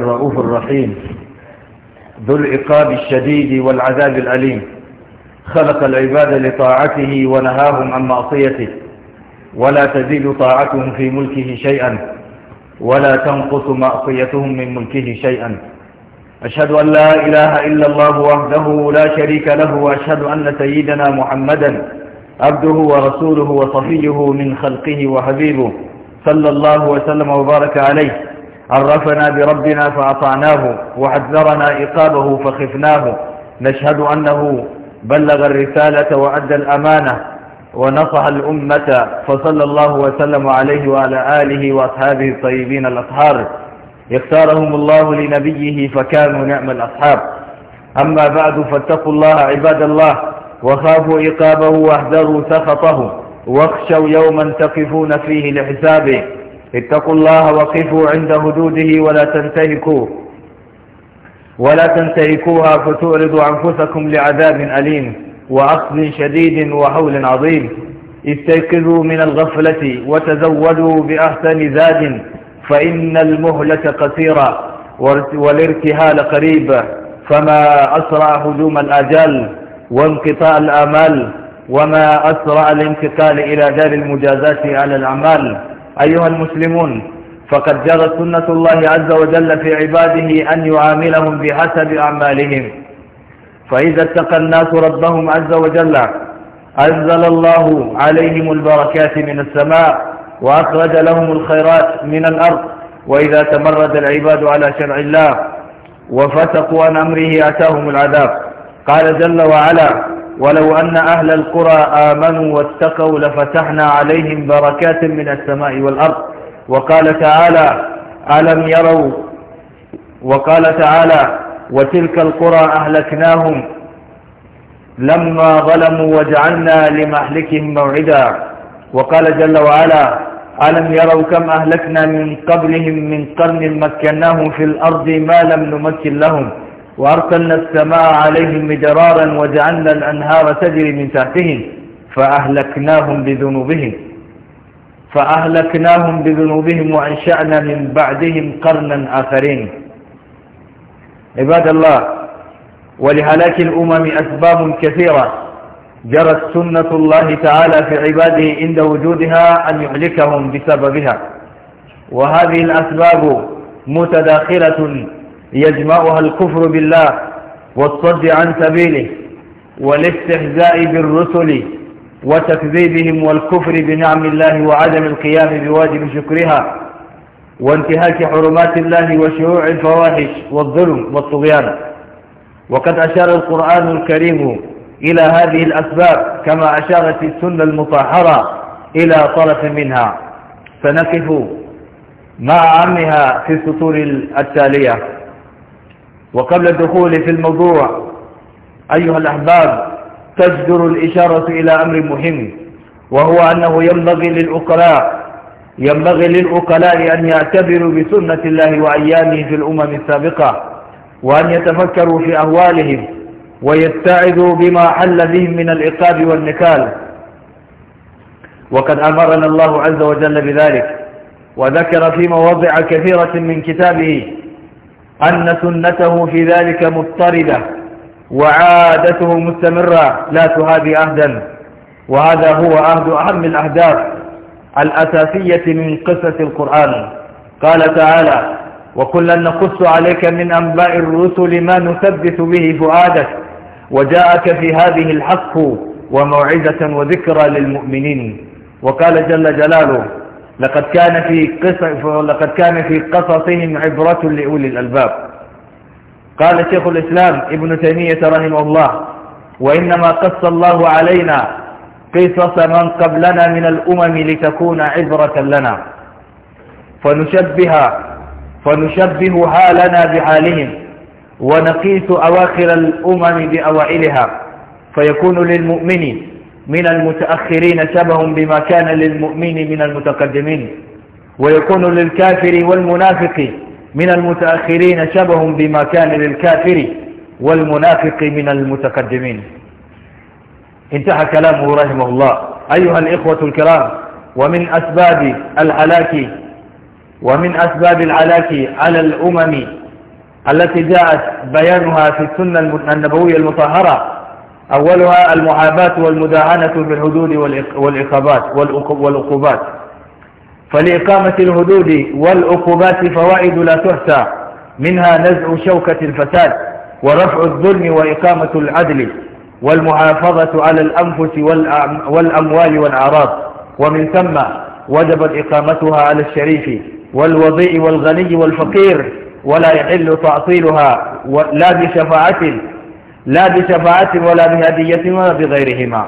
الرؤوف الرحيم ذو العقاب الشديد والعذاب الأليم خلق العباد لطاعته ونهاهم عن معصيته ولا تزيد طاعتهم في ملكه شيئا ولا تنقص معصيتهم من ملكه شيئا أشهد أن لا إله إلا الله وحده لا شريك له وأشهد أن سيدنا محمدا عبده ورسوله وصفيه من خلقه وحبيبه صلى الله وسلم وبارك عليه عرفنا بربنا فأطعناه وحذرنا إقابه فخفناه نشهد أنه بلغ الرسالة وأدى الأمانة ونصح الأمة فصلى الله وسلم عليه وعلى آله وأصحابه الطيبين الأطهار يختارهم الله لنبيه فكانوا نعم الأصحاب أما بعد فاتقوا الله عباد الله وخافوا إقابه واحذروا سخطه واخشوا يوما تقفون فيه لحسابه اتقوا الله وقفوا عند هدوده ولا تنتهكوه ولا تنتهكوها فتعرضوا أنفسكم لعذاب أليم وأخذ شديد وهول عظيم استيقظوا من الغفلة وتزودوا بأحسن زاد فإن المهلة قصيرة والارتهال قريب فما أسرع هجوم الآجال وانقطاع الآمال وما أسرع الانتقال إلى دار المجازات على الأعمال أيها المسلمون فقد جرت سنة الله عز وجل في عباده أن يعاملهم بحسب أعمالهم فإذا اتقى الناس ربهم عز وجل أنزل الله عليهم البركات من السماء وأخرج لهم الخيرات من الأرض وإذا تمرد العباد على شرع الله وفتقوا عن أمره أتاهم العذاب قال جل وعلا ولو أن أهل القرى آمنوا واتقوا لفتحنا عليهم بركات من السماء والأرض وقال تعالى ألم يروا وقال تعالى وتلك القرى أهلكناهم لما ظلموا وجعلنا لمهلكهم موعدا وقال جل وعلا ألم يروا كم أهلكنا من قبلهم من قرن مكناهم في الأرض ما لم نمكن لهم وأرسلنا السماء عليهم مدرارا وجعلنا الأنهار تجري من تحتهم فأهلكناهم بذنوبهم فأهلكناهم بذنوبهم وأنشأنا من بعدهم قرنا آخرين عباد الله ولهلاك الأمم أسباب كثيرة جرت سنة الله تعالى في عباده عند وجودها أن يهلكهم بسببها وهذه الأسباب متداخلة يجمعها الكفر بالله والصد عن سبيله والاستهزاء بالرسل وتكذيبهم والكفر بنعم الله وعدم القيام بواجب شكرها وانتهاك حرمات الله وشيوع الفواحش والظلم والطغيان وقد أشار القرآن الكريم إلى هذه الأسباب كما أشارت السنة المطهرة إلى طرف منها فنقف مع عمها في السطور التالية وقبل الدخول في الموضوع أيها الأحباب تجدر الإشارة إلى أمر مهم وهو أنه ينبغي للأقلاء ينبغي للأقلاء أن يعتبروا بسنة الله وأيامه في الأمم السابقة وأن يتفكروا في أهوالهم ويتعذوا بما حل بهم من العقاب والنكال وقد أمرنا الله عز وجل بذلك وذكر في مواضع كثيرة من كتابه أن سنته في ذلك مضطردة وعادته مستمرة لا تهادي أهدا وهذا هو أهد أهم الأهداف الأساسية من قصة القرآن قال تعالى وكلا نقص عليك من أنباء الرسل ما نثبت به فؤادك وجاءك في هذه الحق وموعظة وذكرى للمؤمنين وقال جل جلاله لقد كان في قصص لقد كان في قصصهم عبرة لأولي الألباب قال شيخ الإسلام ابن تيمية رحمه الله وإنما قص الله علينا قصص من قبلنا من الأمم لتكون عبرة لنا فنشبه فنشبه حالنا بحالهم ونقيس أواخر الأمم بأوائلها فيكون للمؤمن من المتأخرين شبه بما كان للمؤمن من المتقدمين ويكون للكافر والمنافق من المتأخرين شبه بما كان للكافر والمنافق من المتقدمين انتهى كلامه رحمه الله أيها الإخوة الكرام ومن أسباب العلاك ومن أسباب العلاك على الأمم التي جاءت بيانها في السنة النبوية المطهرة أولها المحاباة والمداعنة بالحدود والإقابات والعقوبات فلإقامة الحدود والعقوبات فوائد لا تحصى منها نزع شوكة الفساد ورفع الظلم وإقامة العدل والمحافظة على الأنفس والأموال والأعراض ومن ثم وجبت إقامتها على الشريف والوضيء والغني والفقير ولا يحل تعطيلها لا بشفاعة لا بشفاعة ولا بهدية ولا بغيرهما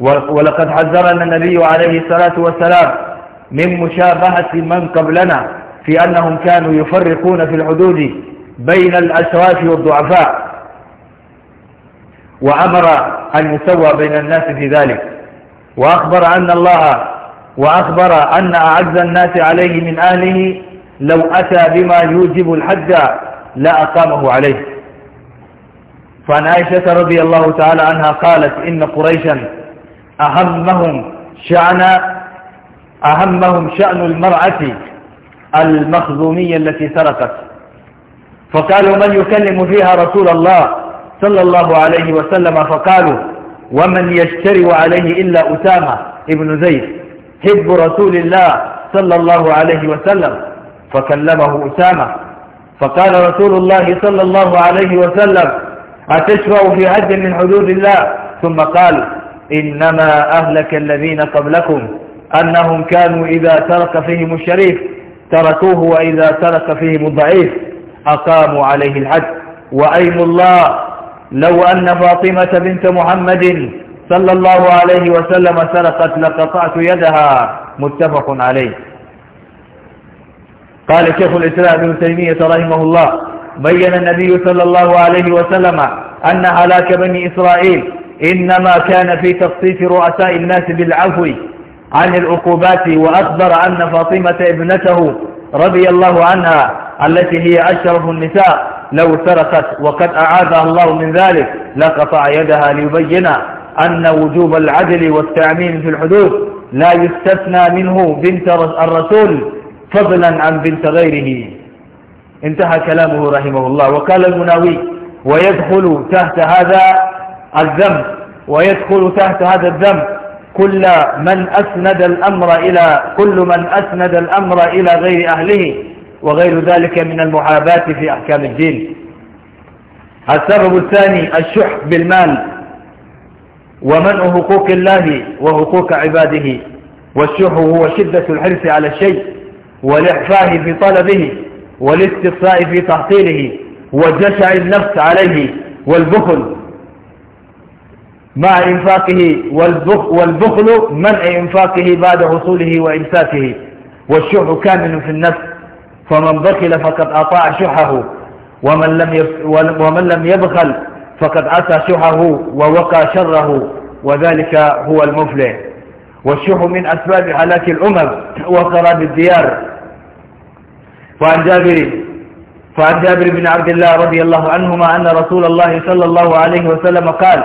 ولقد حذرنا النبي عليه الصلاة والسلام من مشابهة من قبلنا في أنهم كانوا يفرقون في الحدود بين الأشراف والضعفاء وأمر أن يسوى بين الناس في ذلك وأخبر أن الله وأخبر أن أعز الناس عليه من أهله لو أتى بما يوجب الحد لأقامه عليه فعن عائشة رضي الله تعالى عنها قالت إن قريشا أهمهم شأن أهمهم شأن المرأة المخزومية التي سرقت فقالوا من يكلم فيها رسول الله صلى الله عليه وسلم فقالوا ومن يشتري عليه إلا أسامة ابن زيد حب رسول الله صلى الله عليه وسلم فكلمه أسامة فقال رسول الله صلى الله عليه وسلم أتشفع في حد من حدود الله ثم قال إنما أهلك الذين قبلكم أنهم كانوا إذا ترك فيهم الشريف تركوه وإذا ترك فيهم الضعيف أقاموا عليه الحد وأيم الله لو أن فاطمة بنت محمد صلى الله عليه وسلم سرقت لقطعت يدها متفق عليه قال شيخ الإسلام ابن تيمية رحمه الله بين النبي صلى الله عليه وسلم أن هلاك بني إسرائيل إنما كان في تخصيص رؤساء الناس بالعفو عن العقوبات وأخبر أن فاطمة ابنته رضي الله عنها التي هي أشرف النساء لو سرقت وقد أعاذها الله من ذلك لقطع يدها ليبين أن وجوب العدل والتعميم في الحدود لا يستثنى منه بنت الرسول فضلا عن بنت غيره انتهى كلامه رحمه الله وقال المناوي ويدخل تحت هذا الذنب ويدخل تحت هذا الذنب كل من أسند الأمر إلى كل من أسند الأمر إلى غير أهله وغير ذلك من المحاباة في أحكام الدين السبب الثاني الشح بالمال ومنع حقوق الله وحقوق عباده والشح هو شدة الحرص على الشيء والإحفاه في طلبه والاستقصاء في تحصيله وجشع النفس عليه والبخل مع إنفاقه والبخل منع إنفاقه بعد حصوله وإمساكه والشح كامل في النفس فمن بخل فقد أطاع شحه ومن لم ومن لم يبخل فقد عسى شحه ووقى شره وذلك هو المفلح والشح من أسباب هلاك الأمم وخراب الديار وعن جابر فعن جابر بن عبد الله رضي الله عنهما أن رسول الله صلى الله عليه وسلم قال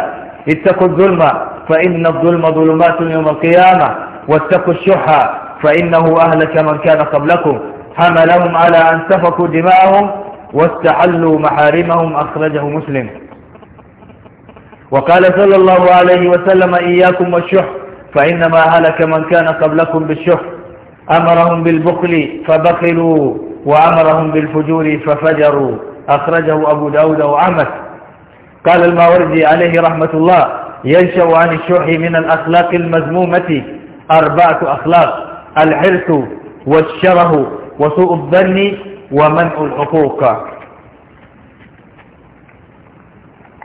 اتقوا الظلم فإن الظلم ظلمات يوم القيامة واتقوا الشح فإنه أهلك من كان قبلكم حملهم على أن سفكوا دماءهم واستحلوا محارمهم أخرجه مسلم وقال صلى الله عليه وسلم إياكم والشح فإنما هلك من كان قبلكم بالشح أمرهم بالبخل فبخلوا وأمرهم بالفجور ففجروا أخرجه أبو داود وعمت قال الماوردي عليه رحمة الله ينشأ عن الشح من الأخلاق المذمومة أربعة أخلاق الحرص والشره وسوء الظن ومنع الحقوق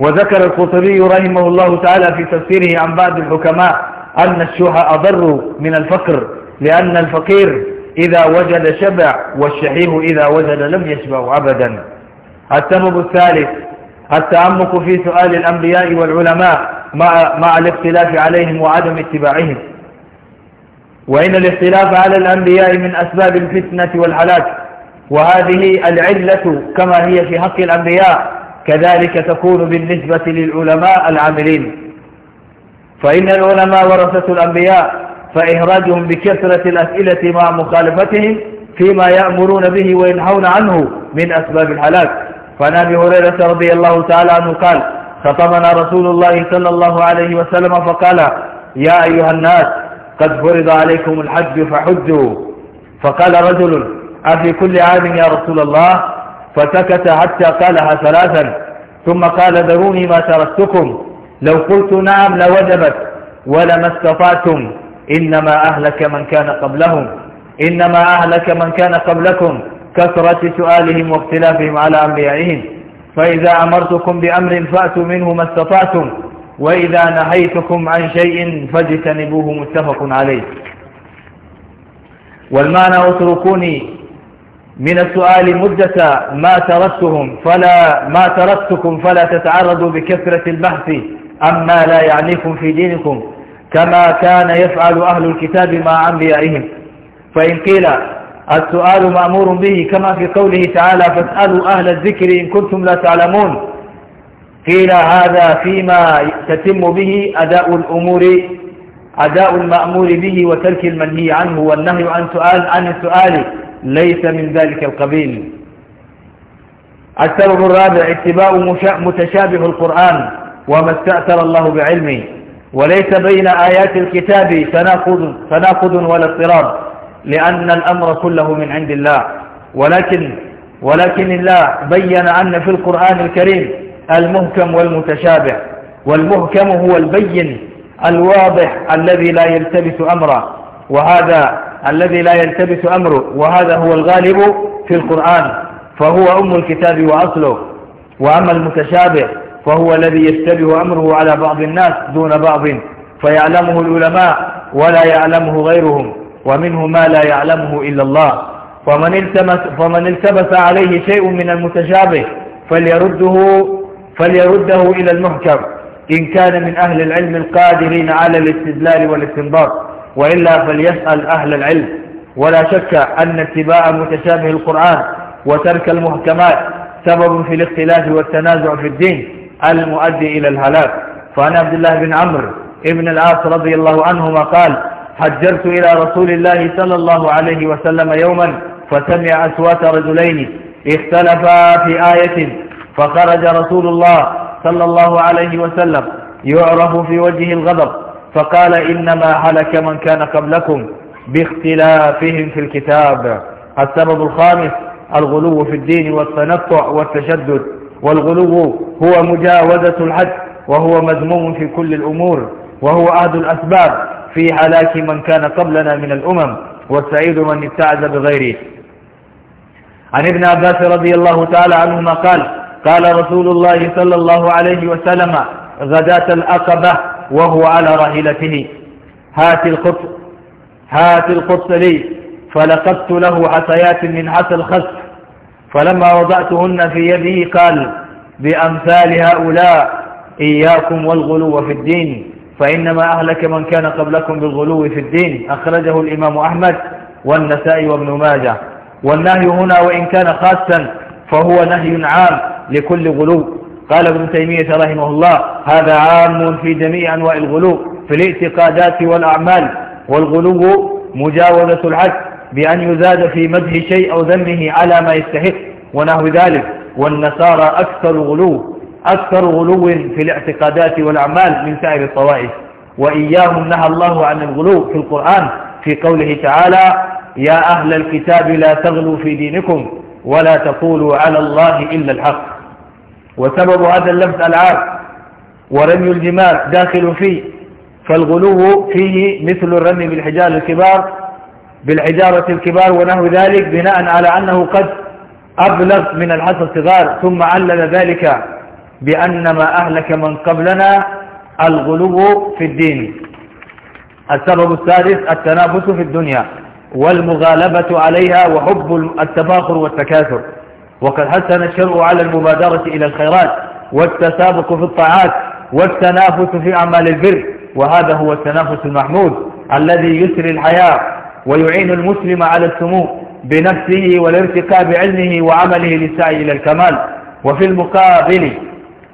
وذكر القصري رحمه الله تعالى في تفسيره عن بعض الحكماء أن الشح أضر من الفقر لأن الفقير إذا وجد شبع والشحيح إذا وجد لم يشبع أبدا السبب الثالث التعمق في سؤال الأنبياء والعلماء مع, مع الاختلاف عليهم وعدم اتباعهم وإن الاختلاف على الأنبياء من أسباب الفتنة والحلاك وهذه العلة كما هي في حق الأنبياء كذلك تكون بالنسبة للعلماء العاملين فإن العلماء ورثة الأنبياء فإهراجهم بكثرة الأسئلة مع مخالفتهم فيما يأمرون به وينهون عنه من أسباب الهلاك فعن أبي هريرة رضي الله تعالى عنه قال خطبنا رسول الله صلى الله عليه وسلم فقال يا أيها الناس قد فرض عليكم الحج فحجوا فقال رجل أفي كل عام يا رسول الله فسكت حتى قالها ثلاثا ثم قال ذروني ما تركتكم لو قلت نعم لوجبت ولما استطعتم إنما أهلك من كان قبلهم إنما أهلك من كان قبلكم كثرة سؤالهم واختلافهم على أنبيائهم فإذا أمرتكم بأمر فأتوا منه ما استطعتم وإذا نهيتكم عن شيء فاجتنبوه متفق عليه والمعنى اتركوني من السؤال مدة ما تركتهم فلا ما تركتكم فلا تتعرضوا بكثرة البحث عما لا يعنيكم في دينكم كما كان يفعل أهل الكتاب مع أنبيائهم فإن قيل السؤال مأمور به كما في قوله تعالى فاسألوا أهل الذكر إن كنتم لا تعلمون قيل هذا فيما تتم به أداء الأمور أداء المأمور به وترك المنهي عنه والنهي عن سؤال عن السؤال ليس من ذلك القبيل السبب الرابع اتباع متشابه القرآن وما استأثر الله بعلمه وليس بين آيات الكتاب تناقض, تناقض ولا اضطراب لأن الأمر كله من عند الله ولكن ولكن الله بين أن في القرآن الكريم المهكم والمتشابه والمهكم هو البين الواضح الذي لا يلتبس أمره وهذا الذي لا يلتبس أمره وهذا هو الغالب في القرآن فهو أم الكتاب وأصله وأما المتشابه فهو الذي يشتبه أمره على بعض الناس دون بعض فيعلمه العلماء ولا يعلمه غيرهم ومنه ما لا يعلمه إلا الله فمن التمس, فمن التبس عليه شيء من المتشابه فليرده, فليرده إلى المحكم إن كان من أهل العلم القادرين على الاستدلال والاستنباط وإلا فليسأل أهل العلم ولا شك أن اتباع متشابه القرآن وترك المحكمات سبب في الاختلاف والتنازع في الدين المؤدي إلى الهلاك فعن عبد الله بن عمرو ابن العاص رضي الله عنهما قال حجرت إلى رسول الله صلى الله عليه وسلم يوما فسمع أصوات رجلين اختلفا في آية فخرج رسول الله صلى الله عليه وسلم يعرف في وجه الغضب فقال إنما هلك من كان قبلكم باختلافهم في الكتاب السبب الخامس الغلو في الدين والتنطع والتشدد والغلو هو مجاوزة الحد وهو مذموم في كل الأمور وهو أحد الأسباب في هلاك من كان قبلنا من الأمم والسعيد من ابتعد بغيره عن ابن عباس رضي الله تعالى عنهما قال قال رسول الله صلى الله عليه وسلم غداة الأقبة وهو على راحلته هات القط هات القط لي فلقدت له حسيات من حس الخسف فلما وضعتهن في يدي قال بأمثال هؤلاء إياكم والغلو في الدين فإنما أهلك من كان قبلكم بالغلو في الدين أخرجه الإمام أحمد والنسائي وابن ماجه والنهي هنا وإن كان خاصا فهو نهي عام لكل غلو قال ابن تيمية رحمه الله هذا عام في جميع أنواع الغلو في الاعتقادات والأعمال والغلو مجاوزة الحد بأن يزاد في مدح شيء أو ذمه على ما يستحق ونحو ذلك والنصارى أكثر غلو أكثر غلو في الاعتقادات والأعمال من سائر الطوائف وإياهم نهى الله عن الغلو في القرآن في قوله تعالى يا أهل الكتاب لا تغلوا في دينكم ولا تقولوا على الله إلا الحق وسبب هذا اللمس العاب ورمي الجمال داخل فيه فالغلو فيه مثل الرمي بالحجال الكبار بالحجارة الكبار ونحو ذلك بناء على أنه قد أبلغ من الحصى الصغار ثم علل ذلك بأن ما أهلك من قبلنا الغلو في الدين السبب السادس التنافس في الدنيا والمغالبة عليها وحب التفاخر والتكاثر وقد حسن الشرع على المبادرة إلى الخيرات والتسابق في الطاعات والتنافس في أعمال البر وهذا هو التنافس المحمود الذي يسري الحياة ويعين المسلم على السمو بنفسه والارتقاء بعلمه وعمله للسعي إلى الكمال وفي المقابل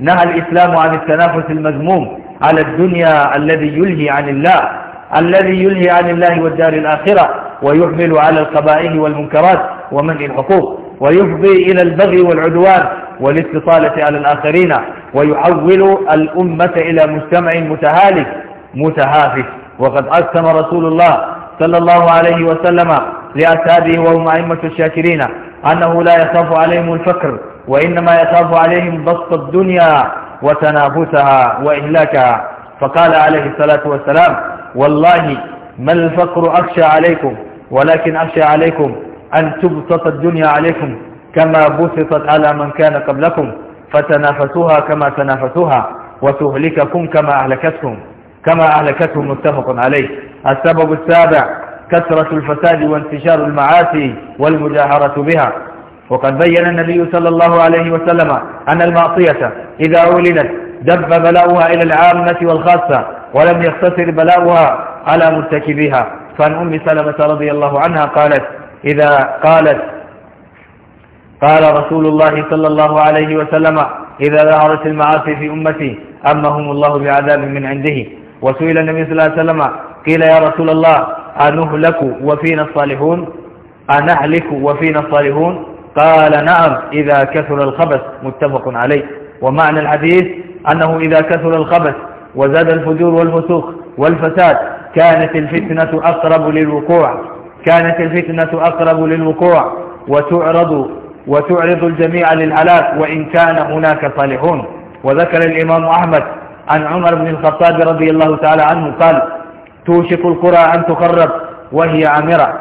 نهى الإسلام عن التنافس المذموم على الدنيا الذي يلهي عن الله الذي يلهي عن الله والدار الآخرة ويحمل على القبائل والمنكرات ومنع الحقوق ويفضي إلى البغي والعدوان والاستطالة على الآخرين ويحول الأمة إلى مجتمع متهالك متهافت وقد أقسم رسول الله صلى الله عليه وسلم لأسابه وهم أئمة الشاكرين أنه لا يخاف عليهم الفقر وإنما يخاف عليهم بسط الدنيا وتنافسها وإهلاكها فقال عليه الصلاة والسلام والله ما الفقر أخشى عليكم ولكن أخشى عليكم أن تبسط الدنيا عليكم كما بسطت على من كان قبلكم فتنافسوها كما تنافسوها وتهلككم كما أهلكتكم كما أهلكتهم متفق عليه السبب السابع كثرة الفساد وانتشار المعاصي والمجاهرة بها وقد بين النبي صلى الله عليه وسلم أن المعصية إذا أولدت دب بلاؤها إلى العامة والخاصة ولم يقتصر بلاؤها على مرتكبها فعن أم سلمة رضي الله عنها قالت إذا قالت قال رسول الله صلى الله عليه وسلم إذا ظهرت المعاصي في أمتي أمهم الله بعذاب من عنده وسئل النبي صلى الله عليه وسلم قيل يا رسول الله أنهلك وفينا الصالحون أنهلك وفينا الصالحون قال نعم إذا كثر الخبث متفق عليه ومعنى الحديث أنه إذا كثر الخبث وزاد الفجور والفسوق والفساد كانت الفتنة أقرب للوقوع كانت الفتنة أقرب للوقوع وتعرض وتعرض الجميع للعلاق وإن كان هناك صالحون وذكر الإمام أحمد عن عمر بن الخطاب رضي الله تعالى عنه قال توشك القرى أن تخرب وهي عامرة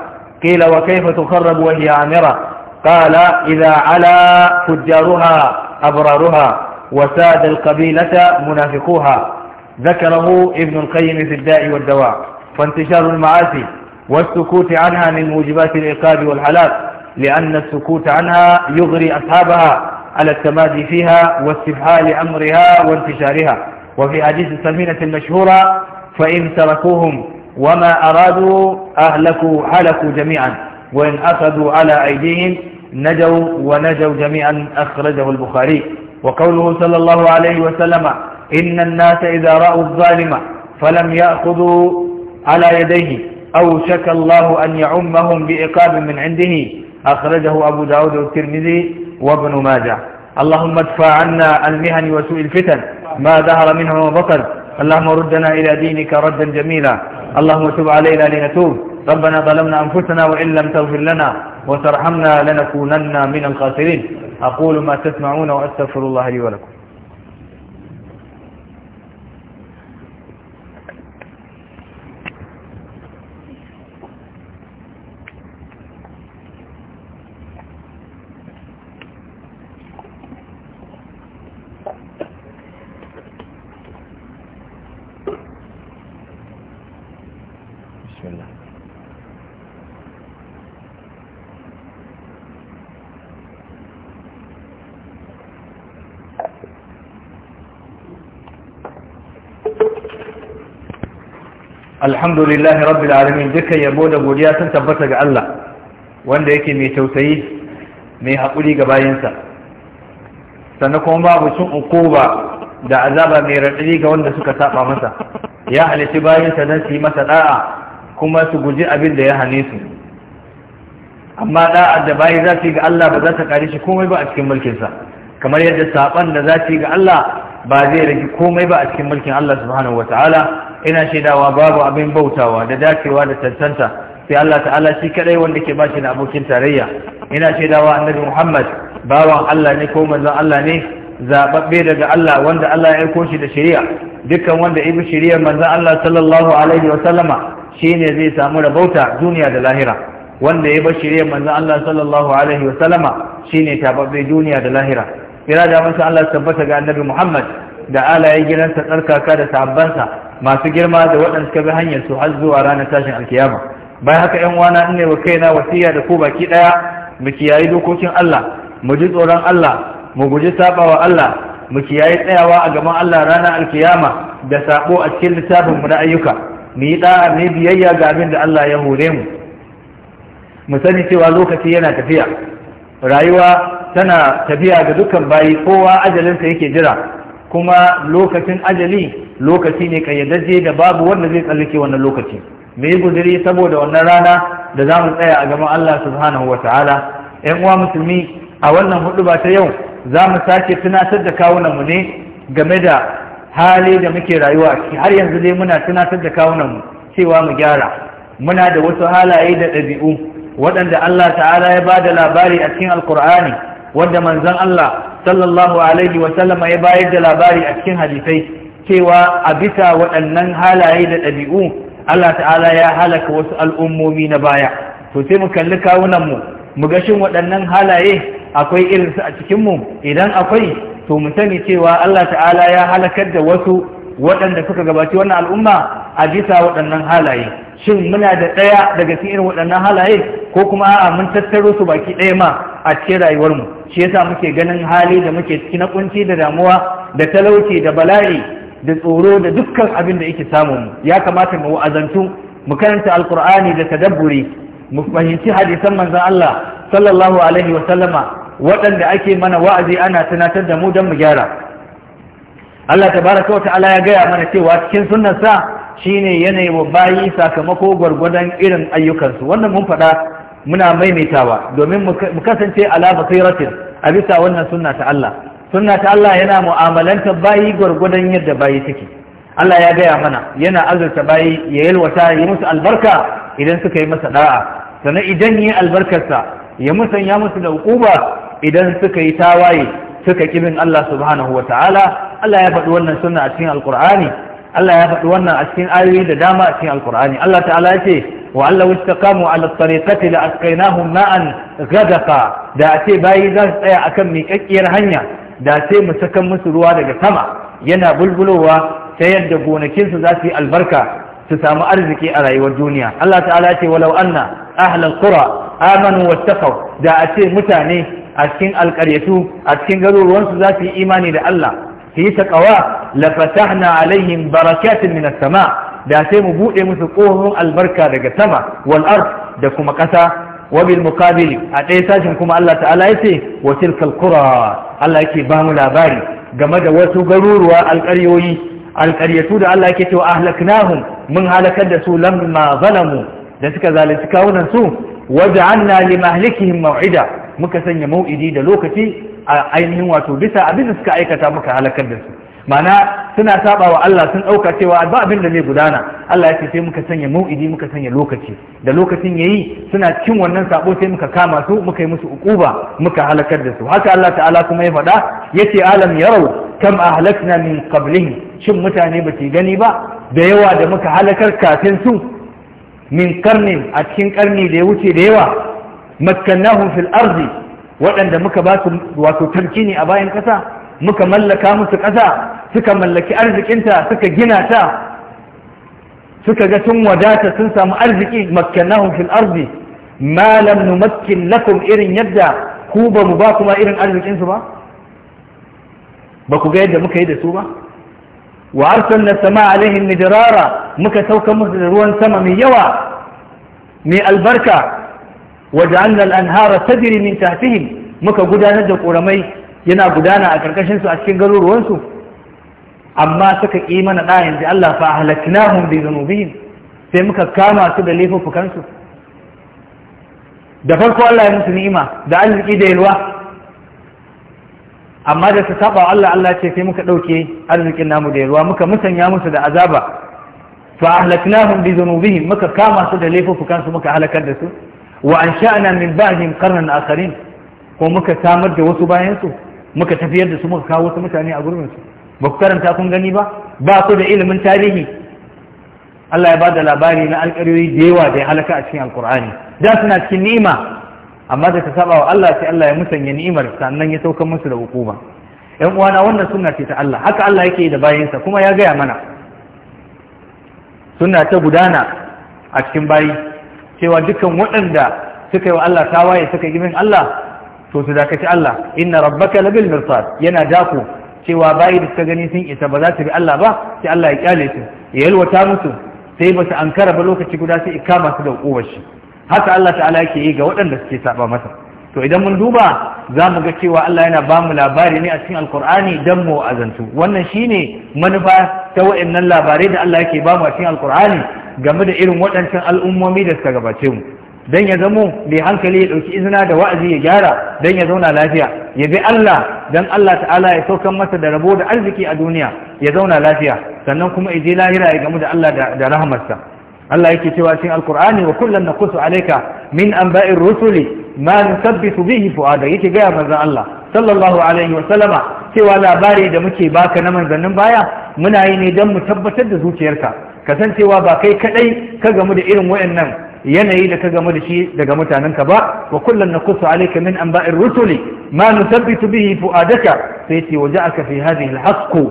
قيل وكيف تخرب وهي عامرة قال إذا على فجارها أبرارها وساد القبيلة منافقوها ذكره ابن القيم في الداء والدواء فانتشار المعاصي والسكوت عنها من موجبات العقاب والحلال لأن السكوت عنها يغري أصحابها على التمادي فيها واستفحال أمرها وانتشارها وفي حديث السمينة المشهورة فإن تركوهم وما أرادوا أهلكوا حلكوا جميعا وإن أخذوا على أيديهم نجوا ونجوا جميعا أخرجه البخاري وقوله صلى الله عليه وسلم إن الناس إذا رأوا الظالم فلم يأخذوا على يديه أو شك الله أن يعمهم بإقاب من عنده أخرجه أبو داود والترمذي وابن ماجه اللهم ادفع عنا المهن وسوء الفتن ما ظهر منها وما بطل اللهم ردنا إلى دينك ردا جميلا اللهم تب علينا لنتوب ربنا ظلمنا أنفسنا وإن لم تغفر لنا وترحمنا لنكونن من الخاسرين أقول ما تسمعون وأستغفر الله لي ولكم alhamdulillahi rabbil alamin duka yabo da godiya sun tabbata ga Allah wanda yake mai tausayi mai haƙuri ga bayansa sannan kuma babu cin ukuba da azaba mai raɗaɗi ga wanda suka saba masa ya halitti bayansa don su yi masa da'a kuma su guji abin da ya hane su amma da'a da bayi za su yi ga Allah ba za ta kare shi komai ba a cikin mulkinsa kamar yadda saban da za su yi ga Allah ba zai rage komai ba a cikin mulkin Allah subhanahu wataala ina shaidawa babu abin bautawa da dacewa da tantanta sai Allah ta'ala shi kadai wanda ke bashi da abokin tarayya ina shaidawa annabi Muhammad bawan Allah ne ko manzon Allah ne zababbe daga Allah wanda Allah ya aiko shi da shari'a dukkan wanda ibi shari'a manzon Allah sallallahu alaihi wa sallama shine zai samu rabauta duniya da lahira wanda ya bar shirya manzon Allah sallallahu alaihi wa sallama shine tababbe duniya da lahira kira da manzon Allah tabbata ga annabi Muhammad da alayen gidansa tsarkaka da sahabbansa masu girma da waɗanda suka bi hanyar su har zuwa ranar tashin alkiyama Bai haka yan wana ne wa kaina wasiya da ku baki daya mu kiyayi dokokin Allah mu ji tsoron Allah mu guji sabawa Allah mu kiyaye tsayawa a gaban Allah ranar alkiyama da sabo a cikin littafin mu na ayyuka mu yi da'a ne biyayya ga abin da Allah ya hore mu mu sani cewa lokaci yana tafiya rayuwa tana tafiya ga dukkan bayi kowa ajalinsa yake jira kuma lokacin ajali lokaci ne kayyadajje da babu wanda zai tsallake wannan lokaci me guduri saboda wannan rana da za mu tsaya a gaban Allah subhanahu wa ta'ala uwa musulmi a wannan ba ta yau za mu sake tunatar da kawunan mu ne game da hali da muke rayuwa ciki har yanzu dai muna tunatar da kawunan cewa mu gyara muna da wasu halaye da ɗabi'u waɗanda Allah ta'ala ya ba da labari a cikin alkur'ani wanda manzon Allah sallallahu alaihi wa sallama ya bayar da labari a cikin hadisai cewa a bisa waɗannan halaye da ɗabi'u Allah ta'ala ya halaka wasu al'ummomi na baya to sai mu kalli kawunan mu mu ga shin waɗannan halaye akwai irinsu a cikin mu idan akwai to mu sani cewa Allah ta'ala ya halakar da wasu waɗanda suka gabaci wannan al'umma a bisa waɗannan halaye shin muna da ɗaya daga cikin irin waɗannan halaye ko kuma a'a mun tattaro su baki ɗaya ma a cikin rayuwarmu shi yasa muke ganin hali da muke ciki na kunci da damuwa da talauci da bala'i da tsoro da dukkan abin da yake samun ya kamata mu wa'azantu mu karanta alqur'ani da tadabburi mu fahimci hadisan manzon Allah sallallahu alaihi wa sallama waɗanda ake mana wa'azi ana tunatar da mu dan mu gyara Allah tabaraka wa ta'ala ya gaya mana cewa cikin sunnarsa shine yanayi wa bayi sakamako gwargwadon irin ayyukansu wannan mun faɗa muna maimaitawa domin mu kasance ala basiratin a bisa wannan sunna ta Allah sunna ta Allah yana mu'amalanta bayi gwargwadon yadda bayi take Allah ya gaya mana yana azurta bayi ya yalwata ya musu albarka idan suka yi masa da'a sannan idan yi albarkarsa ya musanya musu da hukuma idan suka yi tawaye suka kibin Allah subhanahu wa ta'ala Allah ya faɗi wannan sunna a cikin alkur'ani Allah ya faɗi wannan a cikin ayoyi da dama a cikin alkur'ani Allah ta'ala ya ce wa lau istaqamu ala tariqati la askaynahum ma'an ghadaqa da ce bayi za tsaya a kan miƙaƙƙiyar hanya da ce mu sakan musu ruwa daga sama yana bulbulowa ta yadda gonakinsu su za su yi albarka su samu arziki a rayuwar duniya Allah ta'ala ce walau anna ahla alqura amanu wattaqu da ce mutane a cikin alƙaryatu a cikin garuruwan su za su yi imani da Allah fi taqwa la fatahna alaihim barakatun min as-sama' da sai mu buɗe musu ƙohon albarka daga sama wal da kuma ƙasa wabil muqabili a ɗaya sashin kuma Allah ta'ala ya ce wa tilkal qura Allah yake ba mu labari game da wasu garuruwa alƙaryoyi alƙaryatu da Allah yake cewa ahlaknahum mun halakar da su lamma zalamu da suka zalunci kawunan su waja'alna li mahlikihim maw'ida muka sanya mau'idi da lokaci a ainihin wato bisa abin da suka aikata muka halakar da su mana suna saba wa Allah sun ɗauka cewa ba abin da zai gudana Allah ya ce sai muka sanya mau'idi muka sanya lokaci da lokacin yayi suna cin wannan sabo sai muka kama su muka yi musu ukuba muka halakar da su haka Allah ta'ala kuma ya faɗa yace alam yarau kam ahlakna min qablihim shin mutane ba gani ba da yawa da muka halakar kafin su min karnin a cikin karni da ya wuce da yawa makkannahum fil ardi waɗanda muka ba su wato tarkini a bayan ƙasa muka mallaka musu ƙasa suka mallaki arzikinta suka gina ta suka ga sun wadata sun samu arziki makkannahum fil ardi ma lam numakkin lakum irin yadda ku ba mu ba kuma irin arzikin su ba ba ku ga yadda muka yi da su ba wa arsalna sama alaihim midrara muka sauka musu da ruwan sama mai yawa mai albarka wa ja'alna al-anhara tajri min tahtihim muka gudanar da ƙoramai yana gudana a karkashin su a cikin garuruwansu amma suka ki mana ɗa yanzu Allah fa halaknahum bi zunubihim sai muka kama su da laifukan su da farko Allah ya musu ni'ima da arziki da yalwa amma da su saba Allah Allah ce sai muka ɗauke arzikin namu da yalwa muka musanya musu da azaba fa halaknahum bi zunubihim muka kama su da laifukan su muka halakar da su wa ansha'na min ba'dihim qarnan akharin ko muka samar da wasu bayan su muka tafiyar da su muka kawo wasu mutane a gurbin su ba ku karanta kun gani ba ba ku da ilimin tarihi Allah ya ba da labari na alƙaryoyi da yawa da ya halaka a cikin alƙur'ani da suna cikin ni'ima amma da ta saba wa Allah sai Allah ya musanya ni'imar sannan ya saukar musu da hukuma ƴan uwana wannan suna ce ta Allah haka Allah yake yi da bayansa kuma ya gaya mana suna ta gudana a cikin bayi cewa dukkan waɗanda suka yi wa Allah tawaye suka yi min Allah to su dakaci Allah inna rabbaka labil mirsad yana dako cewa bayi da suka gani sun isa ba za su bi Allah ba sai Allah ya kyale su ya yalwata musu sai ba su ankara ba lokaci guda sai ikama su da hukumar shi haka Allah ta'ala yake yi ga waɗanda suke saba masa to idan mun duba za mu ga cewa Allah yana ba mu labari ne a cikin alkur'ani dan mu azantu wannan shine manufa ta wa'annan labarai da Allah yake ba mu a cikin alkur'ani game da irin waɗancan al'ummomi da suka gabace mu dan ya zamo mai hankali ya ɗauki izina da wa'azi ya gyara dan ya zauna lafiya ya bi Allah dan Allah ta'ala ya saukan masa da rabo da arziki a duniya ya zauna lafiya sannan kuma ya je lahira ya gamu da Allah da rahamarsa Allah yake cewa cikin alkur'ani wa kullum na kusu alaika min an ba'in rusuli ma nusabbitu bihi fu'ada yake gaya mazan Allah sallallahu alaihi wa sallama cewa labari da muke baka na manzannin baya muna yi ne don mu tabbatar da zuciyarka kasancewa ba kai kaɗai ka gamu da irin wayannan yanayi da ka gamu da shi daga mutanenka ba wa kullum na kusa alaika min an ba'in rusuli ma tabbitu bihi fu'adaka sai ce waje aka fi hadhihi alhaqqu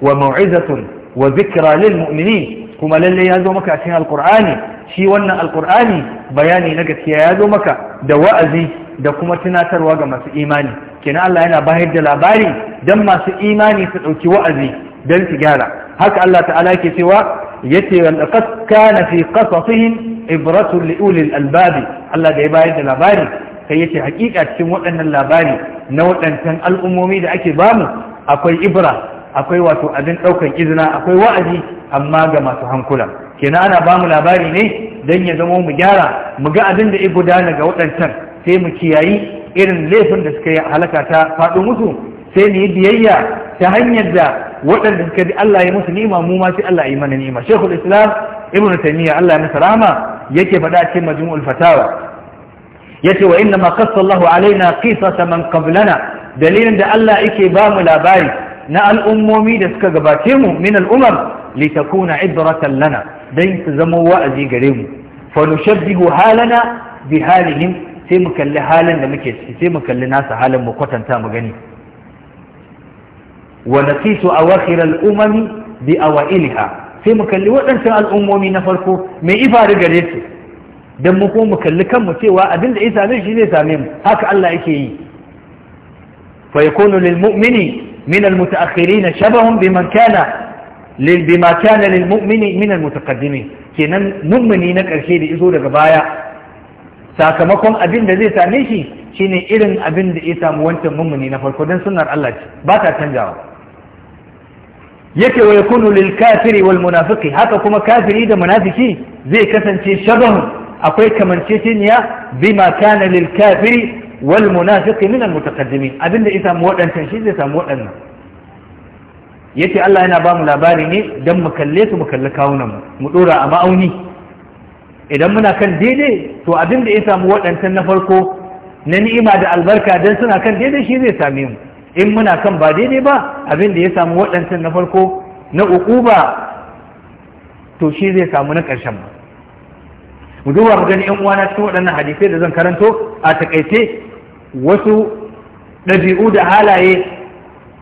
wa mau'izatun wa zikira lil mu'minin kuma lalle ya zo maka a cikin alkur'ani shi wannan alkur'ani bayani na gaskiya ya zo maka da wa'azi da kuma tunatarwa ga masu imani kenan Allah yana bayar da labari dan masu imani su dauki wa'azi dan su gyara haka Allah ta'ala ke cewa yace wanda qad kana fi qasasihim ibratun li ulil albabi Allah da ya bayar da labari sai yace hakika cikin waɗannan labari na waɗancan al'ummomi da ake bamu akwai ibra akwai wato abin ɗaukan izina akwai wa'azi amma ga masu hankula kenan ana bamu labari ne dan ya zama mu gyara mu ga abin da ya gudana ga waɗancan sai mu kiyayi irin laifin da suka yi halaka ta faɗo musu sai mu yi biyayya ta hanyar da waɗanda suka bi Allah ya musu ni'ima mu ma sai Allah ya yi mana Sheikhul Islam Ibn Taymiyyah Allah ya masa rahama yake faɗa cikin Majmu'ul Fatawa yace wa inna ma qassa Allahu alaina qisasa man qablana dalilin da Allah yake ba mu labari na al'ummomi da suka gabace mu min al'umar li takuna ibratan lana dan su zama wa'azi gare mu fa nushabbihu halana bi halihim sai mu kalli halin da muke ciki sai mu kalli nasa halin mu kwatanta mu gani wa naqisu awakhir al-umami bi awailiha sai mu kalli waɗancan al'ummomi na farko me ifari gare su dan mu ko mu kalli kanmu cewa abinda da ya same shi zai same mu haka Allah yake yi fa yakunu lil mu'mini min al mutaakhirin shabahun biman kana lil bima kana lil kenan mu'mini na karshe da izo daga baya sakamakon abinda zai same shi shine irin abinda da ya samu wancan mummuni na farko don sunnar Allah ba ta canjawa yake wa yakunu lil kafiri wal munafiqi haka kuma kafiri da munafiki zai kasance shabah akwai kamanceceniya bima kana lil kafiri wal munafiqi min al mutaqaddimin abinda ya mu wadannan shi zai samu wadannan yace Allah yana ba mu labari ne dan mu kalle su mu kalli kawunan mu mu dora a ma'auni idan muna kan daidai to abinda ya samu wadantan na farko na ni'ima da albarka dan suna kan daidai shi zai same mu in muna kan ba daidai ba abin da ya samu waɗancan na farko na uku ba to shi zai samu na ƙarshen ba mu duba mu gani yan uwana cikin waɗannan hadisai da zan karanto a takaice wasu ɗabi'u da halaye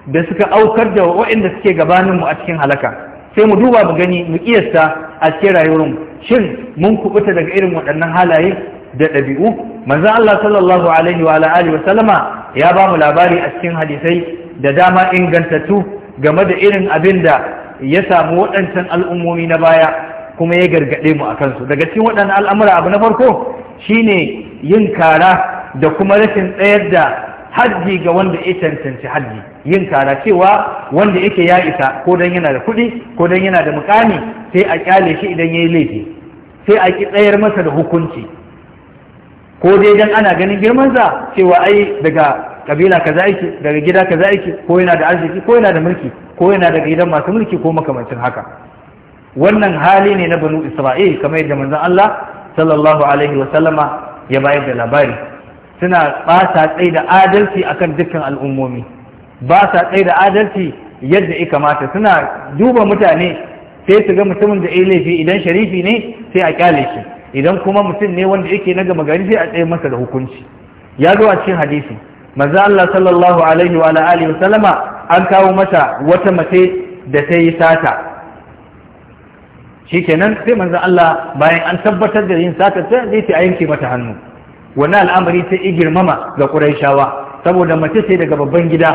da suka aukar da waɗanda suke gabanin mu a cikin halaka sai mu duba mu gani mu kiyasta a cikin rayuwar mu shin mun kubuta daga irin waɗannan halaye da ɗabi'u manzo Allah sallallahu alaihi wa wa sallama ya ba mu labari a cikin hadisai da dama ingantattu game da irin abin da ya samu waɗancan al'ummomi na baya kuma ya gargaɗe mu a kansu daga cikin waɗannan al'amura abu na farko shine yin kara da kuma rashin tsayar da hajji ga wanda ya cancanci hajji yin kara cewa wanda yake ya isa ko dan yana da kuɗi ko dan yana da mukami sai a kyale shi idan ya yi laifi sai a ki tsayar masa da hukunci ko dai dan ana ganin girman sa cewa ai daga kabila kaza yake daga gida kaza yake ko yana da arziki ko yana da mulki ko yana da gidan masu mulki ko makamancin haka wannan hali ne na banu isra'il kamar yadda manzon Allah sallallahu alaihi wa sallama ya bayar da labari suna basa sa tsaye da adalci akan dukkan al'ummomi ba sa tsaye da adalci yadda ya kamata suna duba mutane sai su ga mutumin da ya laifi idan sharifi ne sai a kyale shi idan kuma mutum ne wanda yake na gama gari sai a tsaye masa da hukunci ya zo a cikin hadisi manzo Allah sallallahu alaihi wa alihi wa sallama an kawo mata wata mace da ta yi sata shikenan sai manzo Allah bayan an tabbatar da yin sata ta zai a yanke mata hannu wannan al'amari sai i girmama ga Qurayshawa saboda mace ce daga babban gida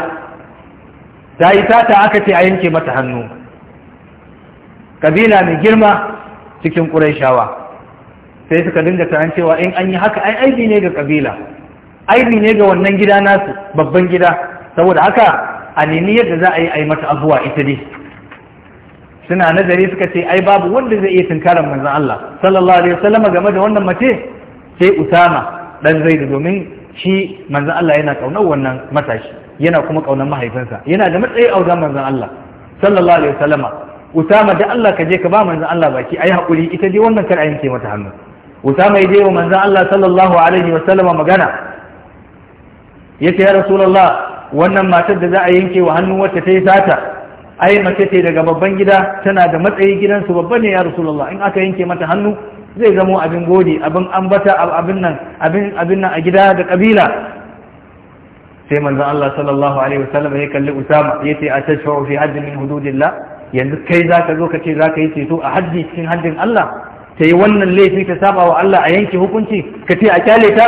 ta yi sata aka ce a yanke mata hannu kabila mai girma cikin Qurayshawa sai suka dinga taron cewa in an yi haka ai aibi ne ga kabila aibi ne ga wannan gida nasu babban gida saboda haka a nemi yadda za a yi ai mata abuwa ita ne suna nazari suka ce ai babu wanda zai iya tunkarar manzon Allah sallallahu alaihi wasallam game da wannan mace sai Usama dan Zaid domin shi manzon Allah yana kaunar wannan matashi yana kuma kaunar mahaifinsa yana da matsayi a wajen manzon Allah sallallahu alaihi wasallam Usama da Allah ka je ka ba manzon Allah baki ai hakuri ita dai wannan kar a yanke mata hannu Wuta mai je wa manzan Allah sallallahu alaihi wa sallama magana yace ya rasulallah wannan matar da za a yanke wa hannu wacce ta yi sata ai mace ce daga babban gida tana da matsayi gidansu babban ne ya rasulallah in aka yanke mata hannu zai zamo abin gode abin ambata abin nan abin abin nan a gida da kabila sai manzan Allah sallallahu alaihi wasallam ya kalli Usama yace a tashfa'u fi haddin min hududillah yanzu kai zaka zo ka ce zaka yi ceto a haddi cikin haddin Allah ta yi wannan laifi ta saba wa Allah a yanke hukunci ka ce a kyale ta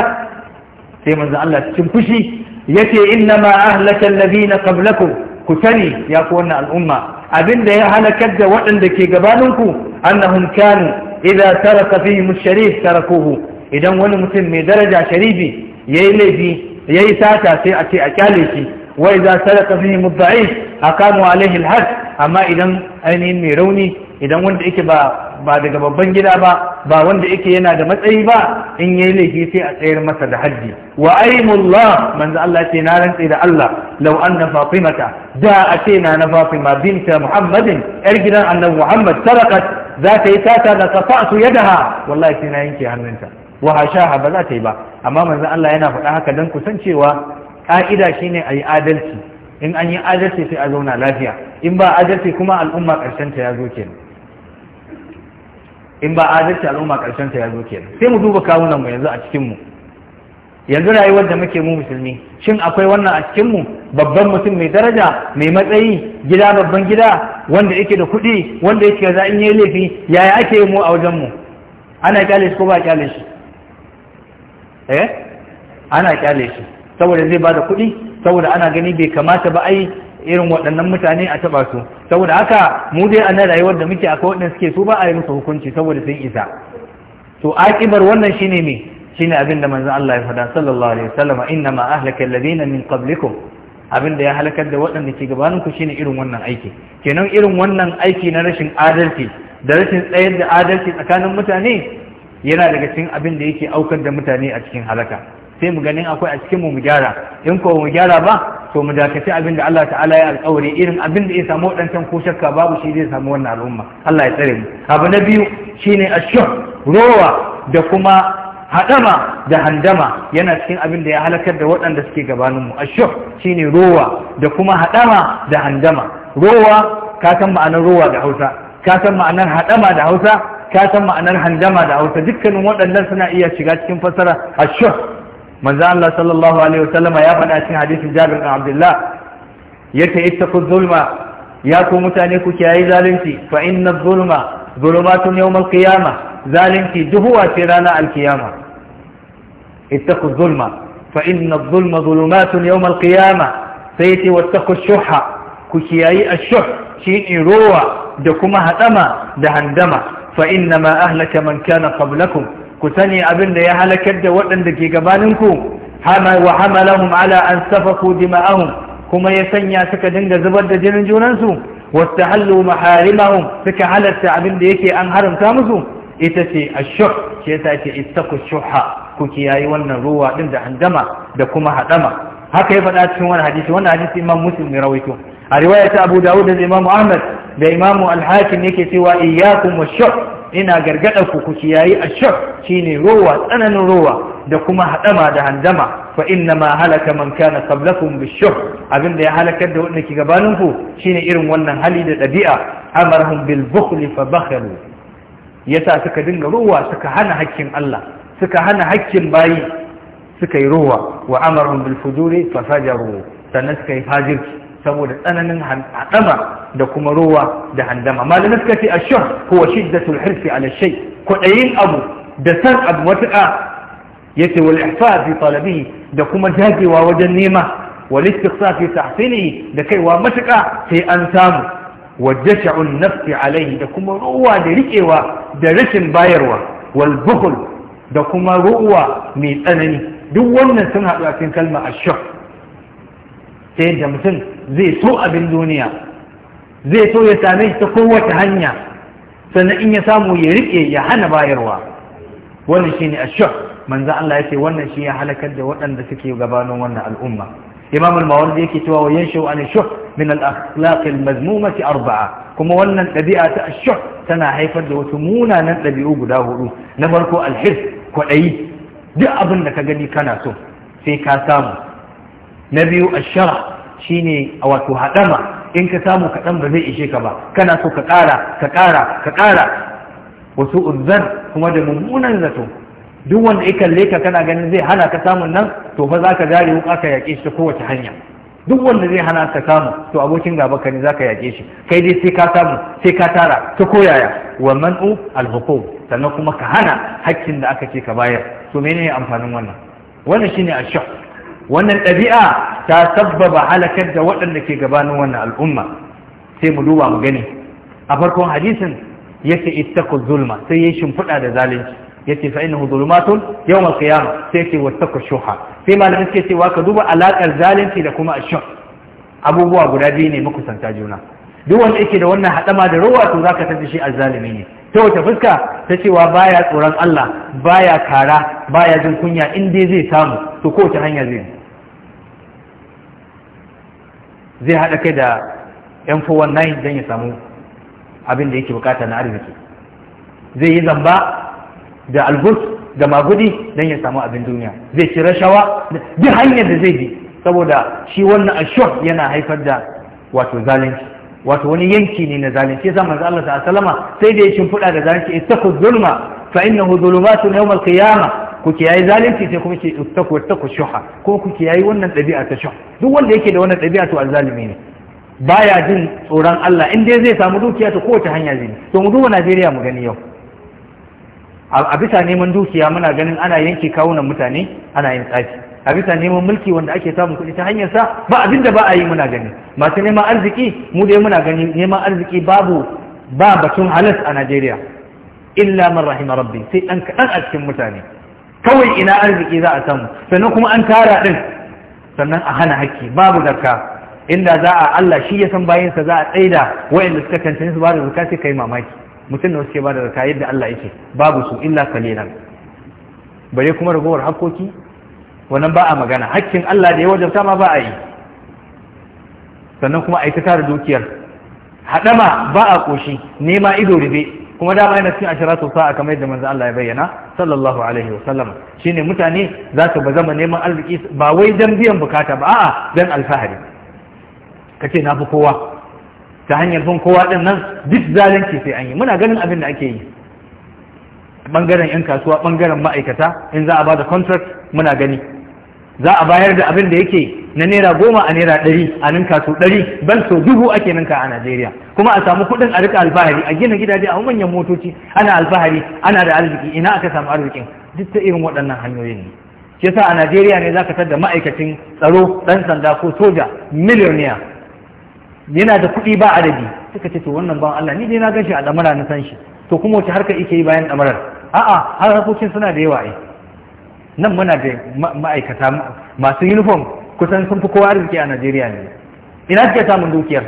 sai manzo Allah cikin fushi yace inna ma ahlaka alladhina qablakum ku sani ya ku wannan al'umma abinda ya halakar da waɗanda ke gabaninku annahum kanu idza taraka fihim ash-sharif tarakuhu idan wani mutum mai daraja sharifi yayi laifi yayi sata sai a ce a kyale shi wa idza taraka fihim ad aqamu alayhi al amma idan ainihin mai rauni idan wanda yake ba ba daga babban gida ba ba wanda yake yana da matsayi ba in yayi laifi sai a tsayar masa da haddi wa aimullah manzo Allah ce na rantsi da Allah law anna fatimata da a ce na na fatima binta muhammadin yar gidan annabi muhammad sarakat za ta yi tata da safa'tu yadaha wallahi sai na yanke hannunta wa hashaha ba za ta yi ba amma manzo Allah yana faɗa haka dan kusancewa ka'ida shine ayi adalci in an yi adalci sai a zauna lafiya in ba adalci kuma al'umma ƙarshen ta ya zo kenan in ba adalci al'umma karshen ta ya zo kenan sai mu duba kawunan mu yanzu a cikin mu yanzu rayuwar da muke mu musulmi shin akwai wannan a cikin mu babban mutum mai daraja mai matsayi gida babban gida wanda yake da kuɗi wanda yake za in yayi laifi yaya ake yi mu a wajen mu ana kyale shi ko ba kyale shi eh ana kyale shi saboda zai bada kuɗi saboda ana gani bai kamata ba ai irin waɗannan mutane a taɓa su saboda haka mu dai a nan rayuwar da muke akwai waɗanda suke su ba a yi musu hukunci saboda sun isa to aƙibar wannan shine me shine abin da manzon Allah ya faɗa sallallahu alaihi wasallam inna ma ahlaka alladhina min qablikum abin da ya halakar da waɗanda ke gabanin ku shine irin wannan aiki kenan irin wannan aiki na rashin adalci da rashin tsayar da adalci tsakanin mutane yana daga cikin abin da yake aukar da mutane a cikin halaka sai mu ganin akwai a cikin mu mu gyara in ko mu gyara ba to mu dakaci abin da Allah ta'ala ya alƙawari irin abin da ya samu waɗancan ko shakka babu shi zai samu wannan al'umma Allah ya tsare mu abu na biyu shine ashur rowa da kuma haɗama da handama yana cikin abin da ya halakar da waɗanda suke gabanin mu ashur shine rowa da kuma haɗama da handama rowa ka san ma'anar rowa da Hausa ka san ma'anar haɗama da Hausa ka san ma'anar handama da Hausa dukkanin waɗannan suna iya shiga cikin fassara. ashur manzo Allah sallallahu alaihi wasallama ya faɗa cikin hadisin Jabir bin Abdullah yace ittaqu zulma ya ku mutane ku kiyaye zalunci fa inna zulma zulumatun yawm al qiyama zalunci duhuwa ce ranar al-qiyama ittaqu zulma fa inna zulma zulumatun yawm al qiyama sai ce wattaqu shuhha ku kiyaye ash-shuh shi rowa da kuma hadama da handama fa inna ma ahlaka man kana qablakum ku sani abin da ya halakar da waɗanda ke gabaninku wa hamalahum ala an safaku dima'ahum kuma ya sanya suka dinga zubar da jinin junansu wastahallu maharimahum suka halarta abin da yake an haramta musu ita ce ashuh ce ta ce ku shuha ku kiyayi wannan ruwa din da andama da kuma haɗama. haka ya faɗa cikin wani hadisi wannan hadisi imam muslim ya rawaito a riwaya ta abu dawud da imam ahmad da imam al-hakim yake cewa iyyakum wash-shuh ina gargada ku ku kiyayi ashar shine rowa tsananin rowa da kuma hadama da handama fa inna ma halaka man kana qablakum bishur abinda ya halakar da wanda ke gabanin ku shine irin wannan hali da dabi'a amarhum bil bukhli fa bakhalu yasa suka dinga rowa suka hana hakkin Allah suka hana hakkin bayi suka yi rowa wa amarhum bil fujuri fa fajaru sannan suka yi fajirci saboda tsananin haɗama da kuma ruwa da handama malamai suka ce kuwa huwa shiddatul hirsi ala shay kudayin abu da san abu wata yace wal ihfaz fi da kuma dagewa wajen nema wal istiqsa fi tahsinihi da kaiwa matuƙa sai an samu wajja'un nafsi alaihi da kuma rowa da riƙewa da rashin bayarwa wal buhul da kuma rowa mai tsanani duk wannan sun haɗu a cikin kalma ashur ta da mutum zai so abin duniya zai so ya same shi ta kowace hanya sannan in ya samu ya riƙe ya hana bayarwa wannan shine ashur manzo Allah yake wannan shi ya halakar da waɗanda suke gabanin wannan al'umma imam al-mawardi yake cewa wa yanshu an ashur min al-akhlaq al-mazmumati arba'a kuma wannan ɗabi'a ta ashur tana haifar da wasu munanan ɗabi'u guda hudu na farko alhirs kwaɗayi duk abin da ka gani kana so sai ka samu na biyu ne shine wato haɗama in ka samu kaɗan ba zai ishe ka ba kana so ka ƙara ka ƙara ka ƙara wasu uzzar kuma da mummunan zato duk wanda ya kalle ka kana ganin zai hana ka samun nan to fa zaka dare wuƙa ka yaƙe shi ta kowace hanya duk wanda zai hana ka samu to abokin gaba ka ne zaka yaƙe shi kai dai sai ka samu sai ka tara ta koyaya wa man'u al-hukum sannan kuma ka hana hakkin da aka ce ka bayar to menene amfanin wannan wannan shine ne shakk wannan ɗabi'a ta sabbaba halakar da waɗanda ke gabanin wannan al'umma sai mu duba mu gani a farkon hadisin yace ittaqu zulma sai ya shimfiɗa da zalunci Yake fa innahu zulumatun yawm al sai yace wattaqu shuha sai malamin sai yace wa ka duba alaƙar zalunci da kuma ash abubuwa guda biyu ne makusanta juna duk wanda yake da wannan haɗama da rawa to zaka tada shi azzalimi ne ta wata fuska ta cewa baya tsoron Allah baya kara baya jin kunya in dai zai samu to ko ta hanya zai zai haɗa kai da yan 419 don ya samu abin da yake bukata na arziki zai yi zamba da albus da magudi don ya samu abin duniya zai ci rashawa bi hanyar da zai bi saboda shi wannan ashok yana haifar da wato zalunci wato wani yanki ne na zalunci ya samu Allah ta sai da ya shimfiɗa da zalunci ittaqu zulma fa innahu zulumatun yawm al-qiyamah ku yayi zalunci sai kuma ce ta ku shuha ko ku yayi wannan ɗabi'a ta shuha duk wanda yake da wannan ɗabi'a to azzalimi ne baya jin tsoron Allah in dai zai samu dukiya ta kowace hanya zai to mu duba Najeriya mu gani yau a bisa neman dukiya muna ganin ana yanke kawunan mutane ana yin tsafi a bisa neman mulki wanda ake samun kuɗi ta hanyar sa ba abin da ba a yi muna gani masu neman arziki mu dai muna gani neman arziki babu ba batun halas a Najeriya illa man rahima rabbi sai dan kaɗan a cikin mutane kawai ina arziki za a samu sannan kuma an tara din sannan a hana haƙƙi babu zarka inda za a Allah shi ya san bayansa za a tsaida wa'inda suka tantance su ba da zarka sai kai mamaki mutum da wasu ke ba da zarka yadda Allah yake babu su illa kalilan bare kuma ragowar hakkoki wannan ba a magana hakkin Allah da ya wajabta ma ba a yi sannan kuma a yi ta tara dukiyar haɗama ba a ƙoshi nema ido rube kuma dama yana cikin ashiratu sa'a kamar yadda manzo Allah ya bayyana sallallahu alaihi wasallam shine mutane za su bazama neman arziki ba wai dan biyan bukata ba a'a dan alfahari kace na fi kowa ta hanyar bin kowa din nan duk zalunci sai an yi muna ganin abin da ake yi bangaren yan kasuwa bangaren ma'aikata in za a bada contract muna gani za a bayar da abin da yake na naira goma a naira ɗari a ninka sau ɗari ban so dubu ake ninka a najeriya kuma a samu kuɗin a rika alfahari a gina gidaje a manyan motoci ana alfahari ana da arziki ina aka samu arzikin duk ta irin waɗannan hanyoyin ne shi yasa a najeriya ne za zaka da ma'aikacin tsaro ɗan sanda ko soja miliyoniya yana da kuɗi ba adadi suka ce to wannan ban allah ni dai na gan shi a ɗamara na san shi to kuma wace harka ike yi bayan ɗamarar a'a harkokin suna da yawa ai nan muna da ma'aikata masu uniform kusan sun fi kowa arziki a najeriya ne ina suke samun dukiyar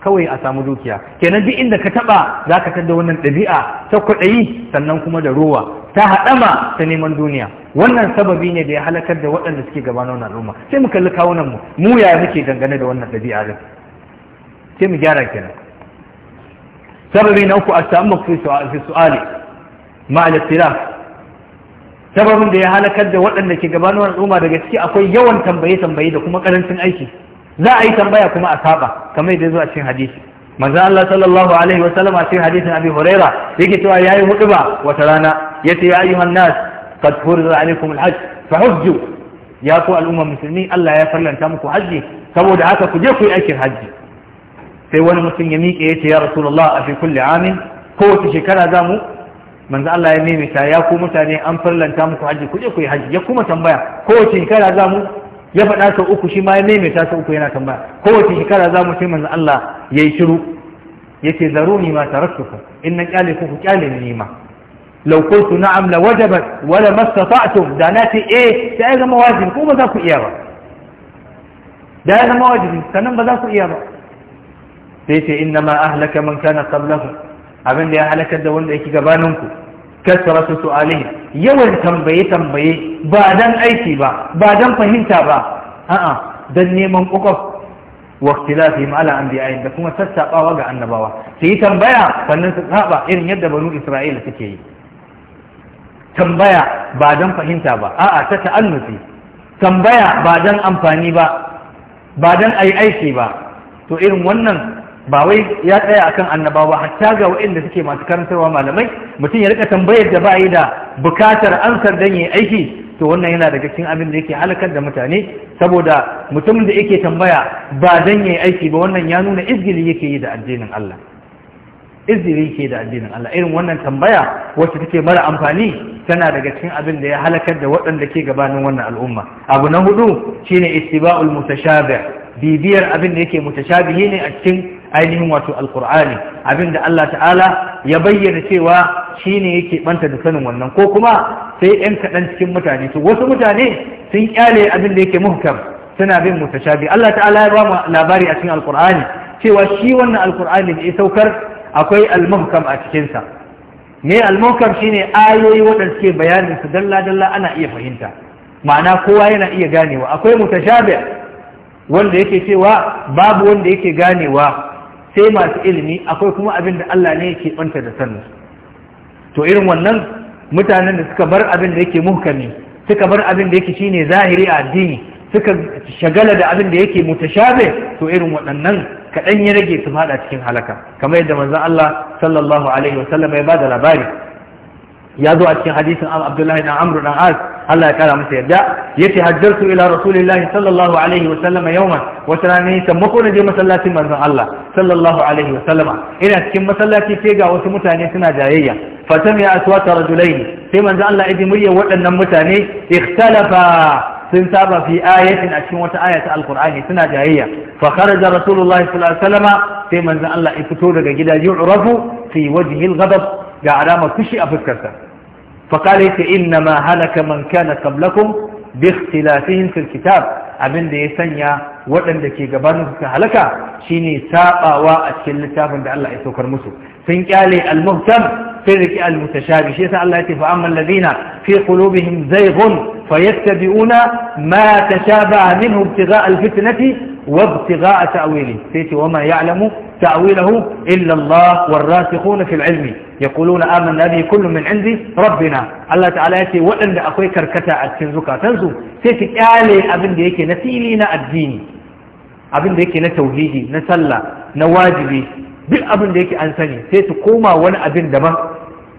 kawai a samu dukiya kenan duk inda ka taba za ka tada wannan ɗabi'a ta kwaɗayi sannan kuma da ruwa ta haɗama ta neman duniya wannan sababi ne da ya halakar da waɗanda suke gabanin wannan al'umma sai mu kalli kawunan mu mu yaya muke dangane da wannan ɗabi'a din sai mu gyara kenan sababi na uku a samu fi su'ali ma'al sababin da ya halakar da waɗanda ke gabanin al'umma daga ciki akwai yawan tambaye tambaye da kuma karancin aiki za a yi tambaya kuma a saba kamar yadda zuwa cikin hadisi manzo Allah sallallahu alaihi wa sallam a cikin hadisin Abi Huraira yake cewa yayi huduba wata rana yace ya ayyuhan nas qad furida alaikum alhajj fahujju ya ku al'umma musulmi Allah ya farlanta muku Hajji? saboda haka ku je ku yi aikin Hajji. sai wani mutum ya miƙe yace ya rasulullah a fi kulli amin kowace shekara za mu manzo Allah ya maimaita ya ku mutane an farlanta muku haji ku je ku yi haji ya kuma tambaya kowace shekara za mu ya faɗa sau uku shi ma ya maimaita sau uku yana tambaya kowace shekara za mu sai manzo Allah ya yi shiru ya ce zaruni ma taraktuku in na kyale ku ku kyale ni ma law qultu na'am la wajabat wa la mastata'tum da na ce eh sai zama wajibi ko ba za ku iya ba da ya zama wajibi sannan ba za ku iya ba sai ce inna ma ahlaka man kana qablahu abin da ya halakar da wanda yake gabaninku su su'alih yawan tambaye tambaye ba dan aiki ba ba dan fahimta ba a'a dan neman kokof wa ikhtilafihim ala anbiya'in da kuma sassabawa ga annabawa su yi tambaya sannan su saba irin yadda banu isra'ila suke yi tambaya ba dan fahimta ba a'a ta ta'annufi tambaya ba dan amfani ba ba dan ayi aiki ba to irin wannan ba wai ya tsaya akan annabawa hatta ga wanda suke masu karantarwa malamai mutum ya rika tambayar da ba yi da bukatar ansar dan yi aiki to wannan yana daga cikin abin da yake halakar da mutane saboda mutumin da yake tambaya ba dan yi aiki ba wannan ya nuna izgili yake yi da addinin Allah izgili yake da addinin Allah irin wannan tambaya wacce take mara amfani tana daga cikin abin da ya halakar da waɗanda ke gabanin wannan al'umma abu na hudu shine ittiba'ul mutashabih bibiyar abin da yake mutashabihi ne a cikin ainihin wato alkur'ani da Allah ta'ala ya bayyana cewa shi ne yake banta da sanin wannan ko kuma sai yan kaɗan cikin mutane to wasu mutane sun kyale abin da yake muhkam suna bin mutashabi Allah ta'ala ya ba mu labari a cikin alkur'ani cewa shi wannan alkur'ani da ya saukar akwai almuhkam a cikin sa me almuhkam shine ayoyi waɗanda suke bayanin su dalla dalla ana iya fahimta ma'ana kowa yana iya ganewa akwai mutashabi wanda yake cewa babu wanda yake ganewa sai masu ilimi akwai kuma abin da Allah ne yake banta da sannu' to irin wannan mutanen da suka bar abin da yake muhkami suka bar abin da yake shine zahiri a addini suka shagala da abin da yake mutashabe to irin waɗannan kaɗan ya rage su fada cikin halaka kamar yadda manzon Allah sallallahu alaihi sallam ya bada labari ya zo a cikin hadisin abdullahi dan amru dan az Allah ya kara masa yarda yace hajjartu ila rasulillahi sallallahu alaihi wa sallama yawman wata rana ne na je masallacin manzon Allah sallallahu alaihi wa sallama ina cikin masallaci sai ga wasu mutane suna jayayya fatami aswata rajulaini sai manzon Allah ya ji muryar waɗannan mutane ikhtalafa sun saba fi ayatin a cikin wata aya ta alkur'ani suna jayayya fa kharaja rasulullahi sallallahu alaihi sai manzon Allah ya fito daga gida yu'rafu fi wajhi al-ghadab ga alama kushi a fuskarsa فقال إنما هلك من كان قبلكم باختلافهم في الكتاب abin da ya sanya waɗanda ke gabanin suka halaka shine sabawa a cikin littafin da Allah ya saukar musu sun kyale al-muhtam sai riki al-mutashabi shi yasa Allah ya ce fa amma alladhina fi qulubihim zayghun fayattabi'una ma tashabaha minhu ibtigha al-fitnati وابتغاء تأويله سيتي وما يعلم تأويله إلا الله والراسخون في العلم يقولون آمن هذه كل من عندي ربنا الله تعالى يتي وإن أخوي كركتا أتنزكا تنزو سيتي كالي أبن ديكي نسيلينا الديني أبن ديكي نتوهيدي نسلى نواجبي duk abin da yake an sani sai su koma wani abin daban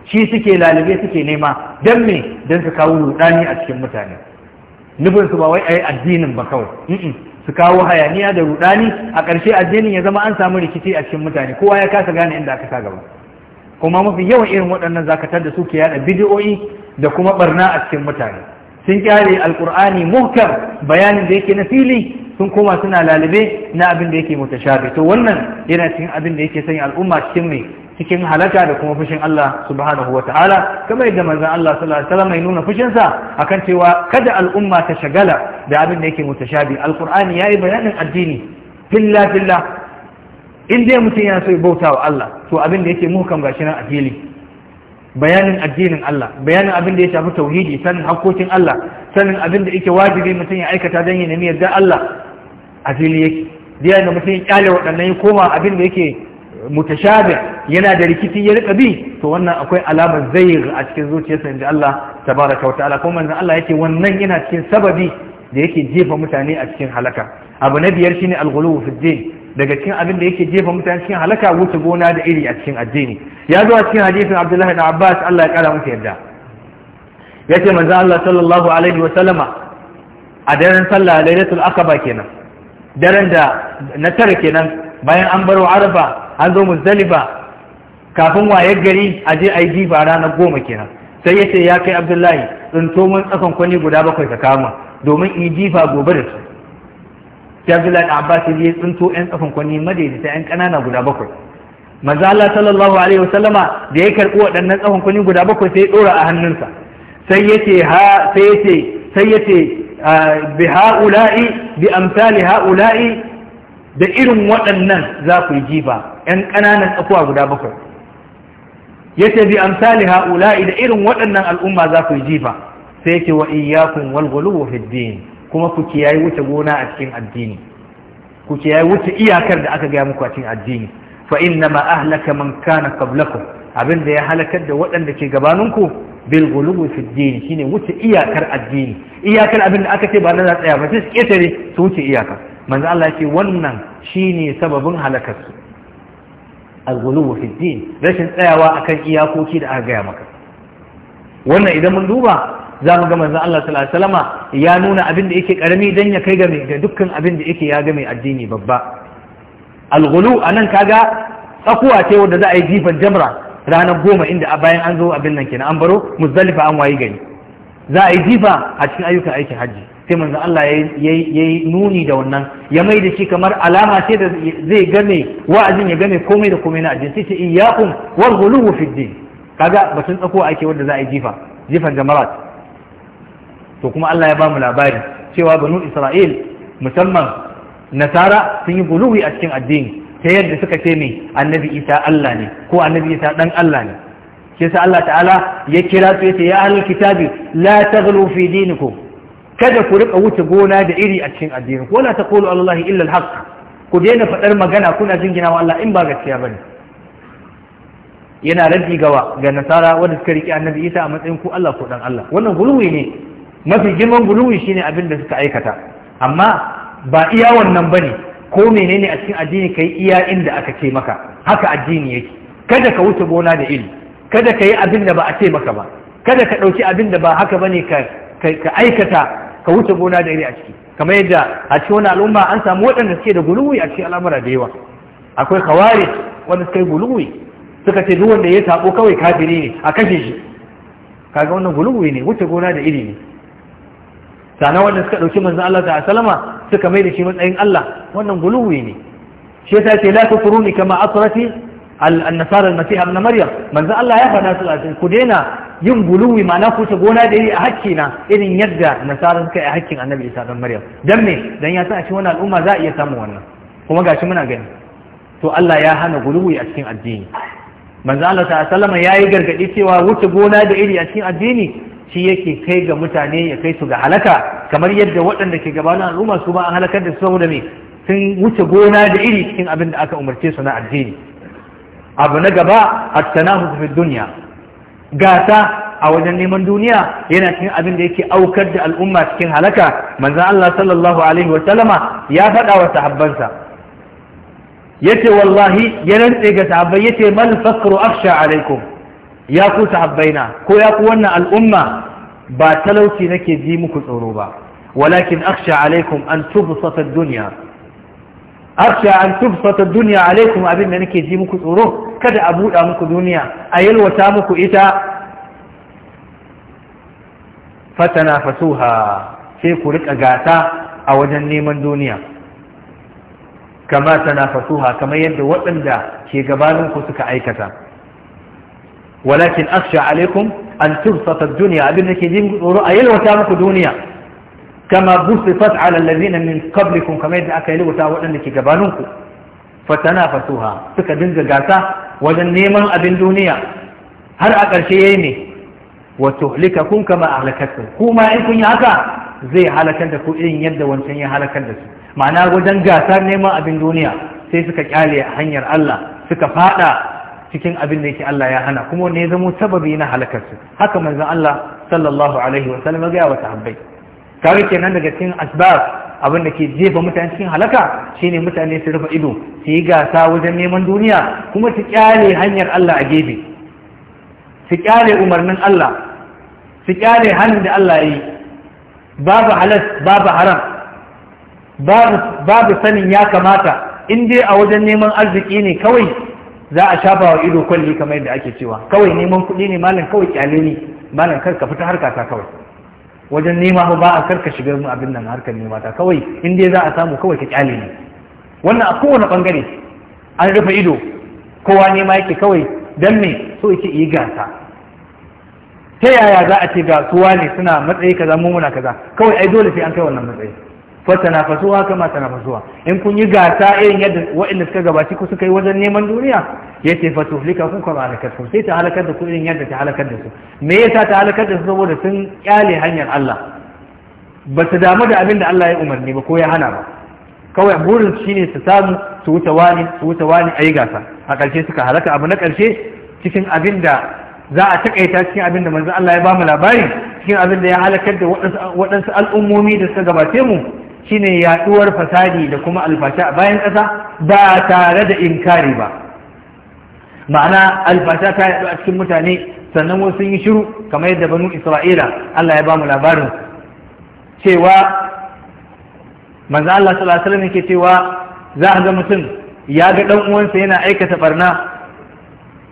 shi suke lalabe suke nema don me don su kawo rudani a cikin mutane nufin su ba wai a yi addinin ba kawai su kawo hayaniya da rudani a ƙarshe addinin ya zama an samu rikici a cikin mutane kowa ya kasa gane inda aka sa gaba kuma mafi yawan irin waɗannan zakatar da suke yada bidiyoyi da kuma barna a cikin mutane sun kyale alkur'ani muhkam bayanin da yake na fili sun koma suna lalube na abin da yake mutashabi to wannan yana cikin abin da yake sanya al'umma cikin mai cikin halaka da kuma fushin Allah subhanahu wa ta'ala kamar yadda manzan Allah sallallahu alaihi wasallam ya nuna fushinsa akan cewa kada al'umma ta shagala da abin da yake mutashabi alqur'ani yayi bayanin addini filla filla in dai mutum yana so ya bauta wa Allah to abin da yake muhkam gashi nan addini, bayanin addinin Allah bayanin abin da ya shafi tauhidi sanin hakkokin Allah sanin abin da yake wajibi mutum ya aikata don ya nemi da Allah addini yake da mutum ya kyale waɗannan ya koma abin da yake mutashabih yana da rikici ya rika bi to wannan akwai alamar zayir a cikin zuciyarsa inda Allah tabaraka wa ta'ala kuma manzon Allah yake wannan yana cikin sababi da yake jefa mutane a cikin halaka abu na biyar shine al-ghuluw fi din daga cikin abin da yake jefa mutane cikin halaka wuce gona da iri a cikin addini ya zo a cikin hadisin Abdullahi ibn Abbas Allah ya kara masa yarda yace manzon Allah sallallahu alaihi wa sallama a daren sallah lailatul aqaba kenan daren da na kenan bayan an baro arafa an zo muzdalifa kafin waye gari a je a yi jifa ranar goma kenan sai ya ce ya kai abdullahi tsinto mun tsakan kwani guda bakwai ka kama domin in jifa gobe da su sai abdullahi da abbas ya tsinto yan tsakan kwani madaidaita yan ƙanana guda bakwai manzo Allah sallallahu alaihi wasallama da ya karɓi waɗannan tsakon kwani guda bakwai sai ya ɗora a hannunsa sai ya ce ha sai ya ce sai ya ce ah, bi ha'ula'i bi amsali ha'ula'i da irin waɗannan za ku yi jifa ‘yan ƙananan tsakuwa guda bakwai ya ce bi amsali ha'ula'i da irin waɗannan al'umma za ku yi jifa sai yake wa iyakun walgulu wa fiddin kuma ku kiyaye wuce gona a cikin addini ku kiyaye wuce iyakar da aka gaya muku a cikin addini fa inna ma ahlaka man kana qablakum abin da ya halakar da waɗanda ke gabaninku bil gulubu fi shine wuce iyakar addini iyakar abin da aka ce ba na tsaya ba sai su ƙetare su wuce iyaka manzo Allah ya ce wannan Shi ne sababin halakarsu a ghuluw fi rashin tsayawa a kan iyakoki da aka gaya maka wannan idan mun duba za mu gama zan Allah sallallahu alaihi ya nuna abin da yake karami dan ya kai ga da dukkan abin da yake ya ga mai addini babba alghulu a nan kaga tsakuwa ce wanda za a yi jifan jamra ranar goma inda a bayan an zo abin nan kenan an baro muzdalifa an wayi gani. za a yi jifa a cikin ayyukan aikin hajji sai manzo Allah ya yi nuni da wannan ya mai da shi kamar alama ce da zai game wa'azin ya game komai da komai na ajin sai ce iyyakum wal ghuluw fi din kaga batun tsako ake wanda za a yi jifa jifan jamarat to kuma Allah ya ba mu labari cewa banu Isra'il musamman nasara sun yi guluhu a cikin addini ta yadda suka ce ne annabi Isa Allah ne ko annabi Isa dan Allah ne shi yasa Allah ta'ala ya kira su ce ya ahlul kitabi la taghlu fi dinikum kada ku rika wuce gona da iri a cikin addini ko la taqulu allahi illa alhaq ku daina faɗar magana kuna jingina wa Allah in ba gaskiya bane yana raddi gawa ga nasara wanda suka riki annabi isa a matsayin ku Allah ko dan Allah wannan guluwi ne mafi girman guluwi shine abin da suka aikata amma ba iya wannan bane ko menene a cikin addini kai iya inda aka ce maka haka addini yake kada ka wuce gona da iri. kada ka yi abin da ba a ce maka ba kada ka ɗauki abin da ba haka bane ka ka aikata ka wuce gona da iri a ciki kamar yadda a cikin wani al'umma an samu waɗanda suke da guluwi a cikin al'amura da yawa akwai kawari wanda suka yi guluwi suka ce duk wanda ya taɓo kawai kafiri ne a kashe shi kaga wannan guluwi ne wuce gona da iri ne sana wanda suka ɗauki manzan Allah ta salama suka mai da shi matsayin Allah wannan guluwi ne shi yasa ce la tukuruni kama asrati النصارى المسيح maryam, مريم من ya fada يفعل ناس ku كدينا yin guluwi ma na gona da yi a hakki na irin yadda nasara suka yi a hakkin annabi isa dan maryam dan me dan ya san a cikin wannan al'umma za a iya samun wannan kuma gashi muna gani to Allah ya hana guluwi a cikin addini manzo Allah ta sallama yayi gargadi cewa wuce gona da iri a cikin addini shi yake kai ga mutane ya kai su ga halaka kamar yadda waɗanda ke gabanin al'umma su ba an halakar da su saboda me sun wuce gona da iri cikin abin da aka umarce su na addini abu na gaba a tanafus fi duniya gata a wajen neman duniya yana cikin abin da yake aukar da al'umma cikin halaka manzon Allah sallallahu alaihi wa sallama ya faɗa wa sahabbansa yace wallahi ya rantse ga sahabbai yace mal fakru akhsha alaikum ya ku sahabbaina ko ya ku wannan al'umma ba talauci nake ji muku tsoro ba walakin akhsha alaikum an tubsata ad-dunya arsha an tufsata duniya alaikum abin da nake ji muku tsoro kada a buɗa muku duniya a yalwata muku ita fatana fasuha sai ku rika gasa a wajen neman duniya kama tana fasuha kamar yadda waɗanda ke gabaninku suka aikata walakin aksha alaikum an tufsata duniya abin da nake ji muku tsoro a yalwata muku duniya kama busifat ala alladhina min qablikum kama yadda aka yi lubuta waɗanda ke gabaninku fatanafasuha suka dinga gasa wajen neman abin duniya har a ƙarshe yayi ne wato likakun kama halakatsu kuma in kun yi haka zai halakar da ku irin yadda wancan ya halakar da su ma'ana wajen gasar neman abin duniya sai suka kyale a hanyar Allah suka faɗa cikin abin da yake Allah ya hana kuma ne zamo sababi na halakarsu haka manzon Allah sallallahu alaihi wa sallam ya ga wa sahabbai kaga kenan daga cikin asbab abin da ke jefa mutane cikin halaka shine mutane su rufe ido su yi gasa wajen neman duniya kuma su kyale hanyar Allah a gefe su kyale umarnin Allah su kyale hannun da Allah yi babu halas babu haram babu sanin ya kamata in dai a wajen neman arziki ne kawai za a shafa wa ido kwalli kamar yadda ake cewa kawai neman kuɗi ne malam kawai kyale ne malam kar ka fita harka ta kawai wajen nema ba a karka shiga abin nan harkar nema ta kawai in dai za a samu kawai ka kyale ne wannan a kowane bangare an rufe ido kowa nema yake kawai dan me so yake yi gasa ta yaya za a ce ga suwa ne suna matsayi kaza mu muna kaza kawai ai dole sai an kai wannan matsayi fatanafasuwa kama tanafasuwa in kun yi gasa irin yadda wa'inda suka gabaci ku suka yi wajen neman duniya yace fatuhlika kun kama halakar ku sai ta halakar da ku irin yadda ta halakar da su me yasa ta halakar da su saboda sun kyale hanyar Allah ba su damu da abin da Allah ya umarni ba ko ya hana ba kawai burin ne su samu su wuce wani su wuce wani ayi gasa a ƙarshe suka halaka abu na ƙarshe cikin abin da za a takaita cikin abin da manzo Allah ya ba mu labari cikin abin da ya halakar da waɗansu al'ummomi da suka gabace mu shine yaduwar fasadi da kuma alfasha a bayan ƙasa ba tare da inkari ba ma'ana alfasha ta yadu a cikin mutane sannan wasu sun yi shiru kamar yadda banu isra'ila Allah ya ba mu labarin cewa manzo Allah sallallahu alaihi wasallam yake cewa za a ga mutum ya ga dan uwansa yana aikata barna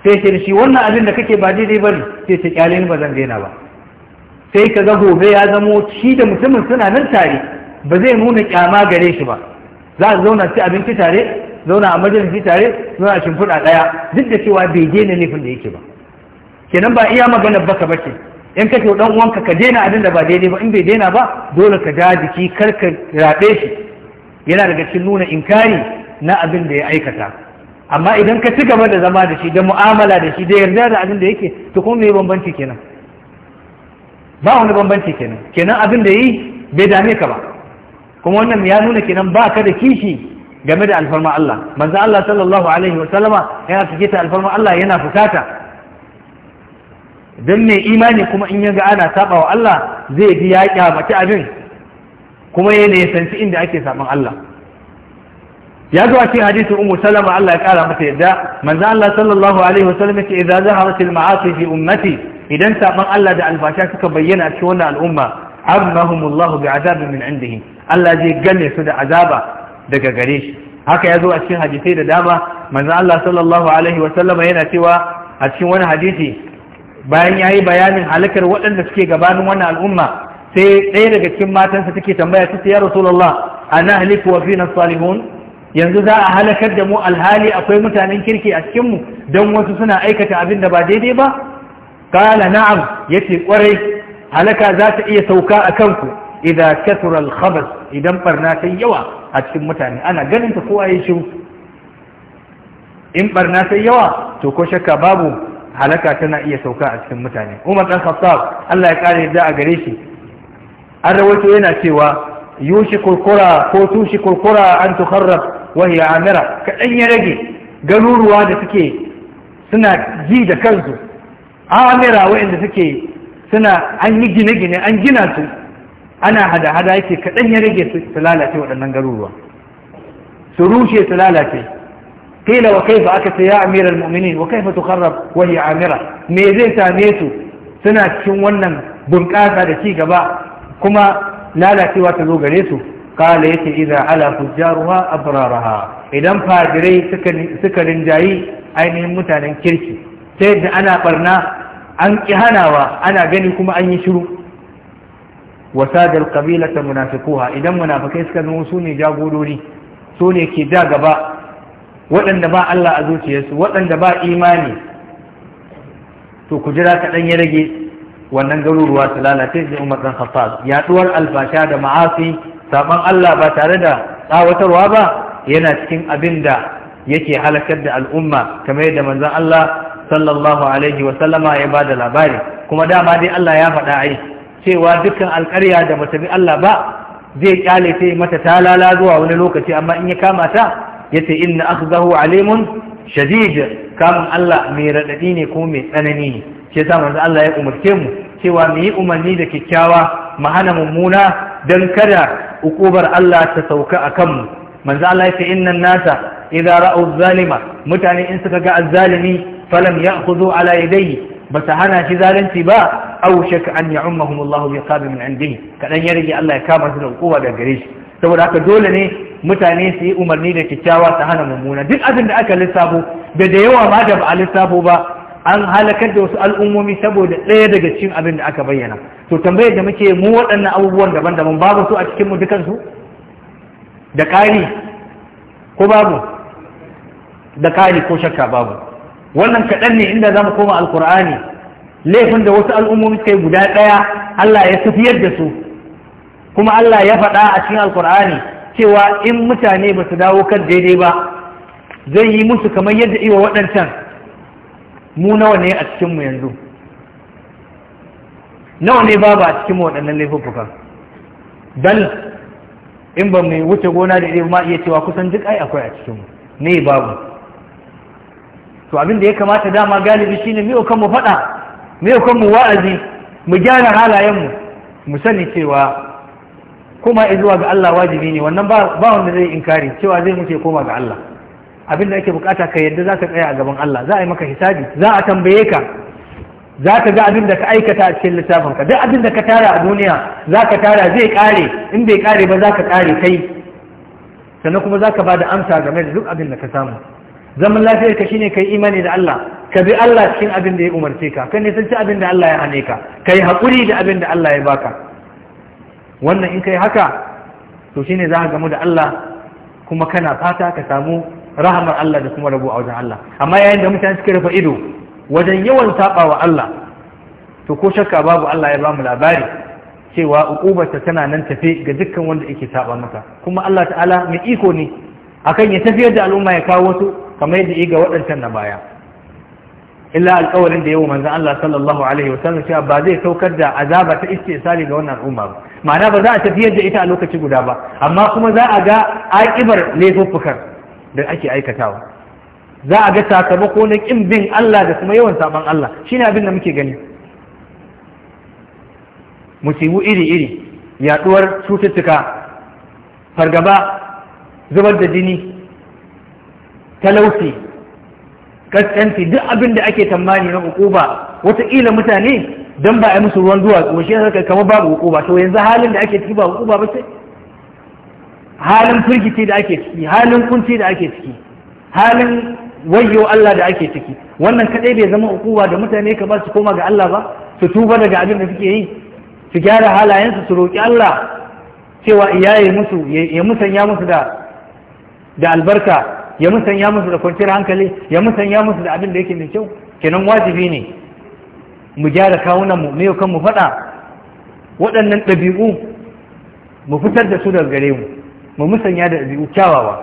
sai ce da shi wannan abin da kake ba daidai ba ne sai ce kyale ni ba zan daina ba sai ka ga gobe ya zamo shi da mutumin suna nan tare ba zai nuna kyama gare shi ba za a zauna ci abinci tare zauna a majalisi tare zauna a shimfiɗa ɗaya duk da cewa bai daina laifin da yake ba kenan ba iya maganar baka ba ce in kake dan uwanka ka daina abin da ba daidai ba in bai daina ba dole ka ja jiki kar ka raɓe shi yana daga cikin nuna inkari na abin da ya aikata amma idan ka ci gaba da zama da shi da mu'amala da shi da yarda da abin da yake to kuma mai bambanci kenan ba wani bambanci kenan kenan abin da yi bai dame ka ba kuma wannan ya nuna kenan ba ka da kishi game da alfarma Allah manzo Allah sallallahu alaihi wa sallama yana fikita alfarma Allah yana fukata don mai imani kuma in yaga ana saba wa Allah zai bi ya kyamaci abin kuma ya ne sanci inda ake saban Allah ya zo a cikin hadisi ummu salama Allah ya kara mata yadda manzo Allah sallallahu alaihi wasallam yace idza zaharat al ma'asi fi ummati idan saban Allah da albasha suka bayyana a cikin wannan al'umma amnahum Allah bi azabin min indihi Allah zai gane su da azaba daga gare shi haka ya zo a cikin hadisai da dama manzo Allah sallallahu alaihi wasallam yana cewa a cikin wani hadisi bayan yayi bayanin halakar waɗanda suke gabanin wannan al'umma sai ɗaya daga cikin matansa take tambaya ta ya rasulullah ana haliku wa fina salihun yanzu za a halakar da mu alhali akwai mutanen kirki a cikinmu don wasu suna aikata abin da ba daidai ba kala na'am ce kwarai halaka za ta iya sauka a kanku idan kasura khabas idan barna ta yawa a cikin mutane ana ganin ta kowa yayin shiru in barna ta yawa to ko shakka babu halaka tana iya sauka a cikin mutane Umar ɗan Khattab Allah ya ƙara yadda a gare shi an rawaito yana cewa yushi kurkura ko tushi kurkura an tukharrab wahiya amira kaɗan ya rage garuruwa da suke suna ji da kansu amira waɗanda suke suna an yi gine-gine an gina su ana hada-hada yake kaɗan ya rage su lalace waɗannan garuruwa su rushe su lalace kila wa kaifa aka ce ya amiral mu'minin wa kaifa tukharrab wa hiya amira me zai same su suna cikin wannan bunƙasa da ci gaba kuma lalacewa ta zo gare su kala yake idza ala a abraraha idan fajirai suka rinjayi ainihin mutanen kirki sai da ana barna an hanawa, ana gani kuma an yi shiru wasadal kabilata munafiquha idan munafikai suka zama su ne jagorori su ne ke da gaba waɗanda ba Allah a zuciyarsu waɗanda ba imani to ku jira kaɗan ya rage wannan garuruwa su lalace da umar ɗan khattab yaɗuwar albasha da ma'asi saban Allah ba tare da tsawatarwa ba yana cikin abin da yake halakar da al'umma kamar yadda manzan Allah sallallahu alaihi wa sallama ya da labari kuma dama dai Allah ya faɗa ai cewa dukkan alƙarya da bata bi Allah ba zai kyale ta mata talala zuwa wani lokaci amma in ya kama ta yace inna akhdahu alimun shadid kamun Allah mai raɗaɗi ne ko mai tsanani ne shi yasa manzan Allah ya umarce mu cewa mu yi umarni da kyakkyawa mu hana mummuna don kada ukubar Allah ta sauka a kanmu manzo Allah ya innan nasa idza ra'u zalima mutane in suka ga azzalimi falam ya'khudhu ala yadayhi ba ta hana shi zalunci ba aw shaka an ya'ummahum Allah bi qabin min indihi kadan ya rage Allah ya kama su da hukuma daga gare shi saboda haka dole ne mutane su yi umarni da kyakkyawa ta hana mummuna duk abin da aka lissafo da da yawa ma da ba a lissafo ba an halakar da wasu al'ummomi saboda ɗaya daga cikin abin da aka bayyana to tambayar da muke mu waɗannan abubuwan daban-daban babu su a cikin dukansu da ƙari ko babu da ƙari ko shakka babu wannan kaɗan ne inda za mu koma alkur'ani laifin da wasu al'ummomi suka yi guda ɗaya Allah ya tafiyar da su kuma Allah ya faɗa a cikin alkur'ani cewa in mutane ba su dawo kan daidai ba zai yi musu kamar yadda iwa waɗancan mu nawa ne a cikinmu yanzu nawa ne babu a cikinmu waɗannan laifuffuka dan in ba mai wuce gona da ɗaya ma iya cewa kusan duk ai akwai a cikinmu ne babu to abin da ya kamata dama galibi shine mu kan mu faɗa kan mu wa'azi mu gyara halayenmu mu sani cewa kuma izuwa ga Allah wajibi ne wannan ba wanda zai inkari cewa zai muke koma ga Allah Abinda ake bukata ka yadda za ka tsaya a gaban Allah za a yi maka hisabi za a tambaye ka za ka ga abin da ka aikata a cikin littafin ka duk abin da ka tara a duniya za ka tara zai kare in bai kare ba za ka kare kai sannan kuma za ka ba da amsa game da duk abin da ka samu zaman lafiyar ka shine kai imani da Allah ka bi Allah cikin abin da ya umarce ka ka san abin da Allah ya hane ka kai hakuri da abin da Allah ya baka wannan in kai haka to shine za ka gamu da Allah kuma kana fata ka samu rahamar Allah da kuma rabu a wajen Allah amma yayin da mutane suka rufe ido wajen yawan sabawa Allah to ko shakka babu Allah ya bamu labari cewa uqubarta tana nan tafe ga dukkan wanda yake saba masa kuma Allah ta'ala mai iko ne akan ya tafiyar da al'umma ya kawo wasu kamar yadda ga waɗancan na baya illa alƙawarin da yau manzon Allah sallallahu alaihi wa sallam cewa ba zai saukar da azaba ta sali ga wannan al'umma ba ma'ana ba za a tafiyar da ita a lokaci guda ba amma kuma za a ga aƙibar laifuffukan da ake aikatawa za a ga sakamako na ƙin bin Allah da kuma yawan saban Allah shine abin da muke gani musibu iri-iri yaduwar cututtuka fargaba zubar da jini talauci kaskanci duk abin da ake tambani na hukuba wataƙila mutane don ba a musu ruwan duwatsu shi ne kama babu hukuba to yanzu halin da ake ciki ba hukuba ba sai halin firgici da ake ciki halin kunci da ake ciki halin wayyo Allah da ake ciki wannan kadai bai zama ukuwa da mutane ka ba su koma ga Allah ba su tuba daga abin da suke yi su gyara halayensu su roƙi Allah cewa iyaye musu ya musanya musu da da albarka ya musanya musu da kwanciyar hankali ya musanya musu da abin da yake mai kyau kenan wajibi ne mu gyara kawunan mu mai kan mu faɗa waɗannan ɗabi'u mu fitar da su daga gare mu mu musanya da ɗabi'u kyawawa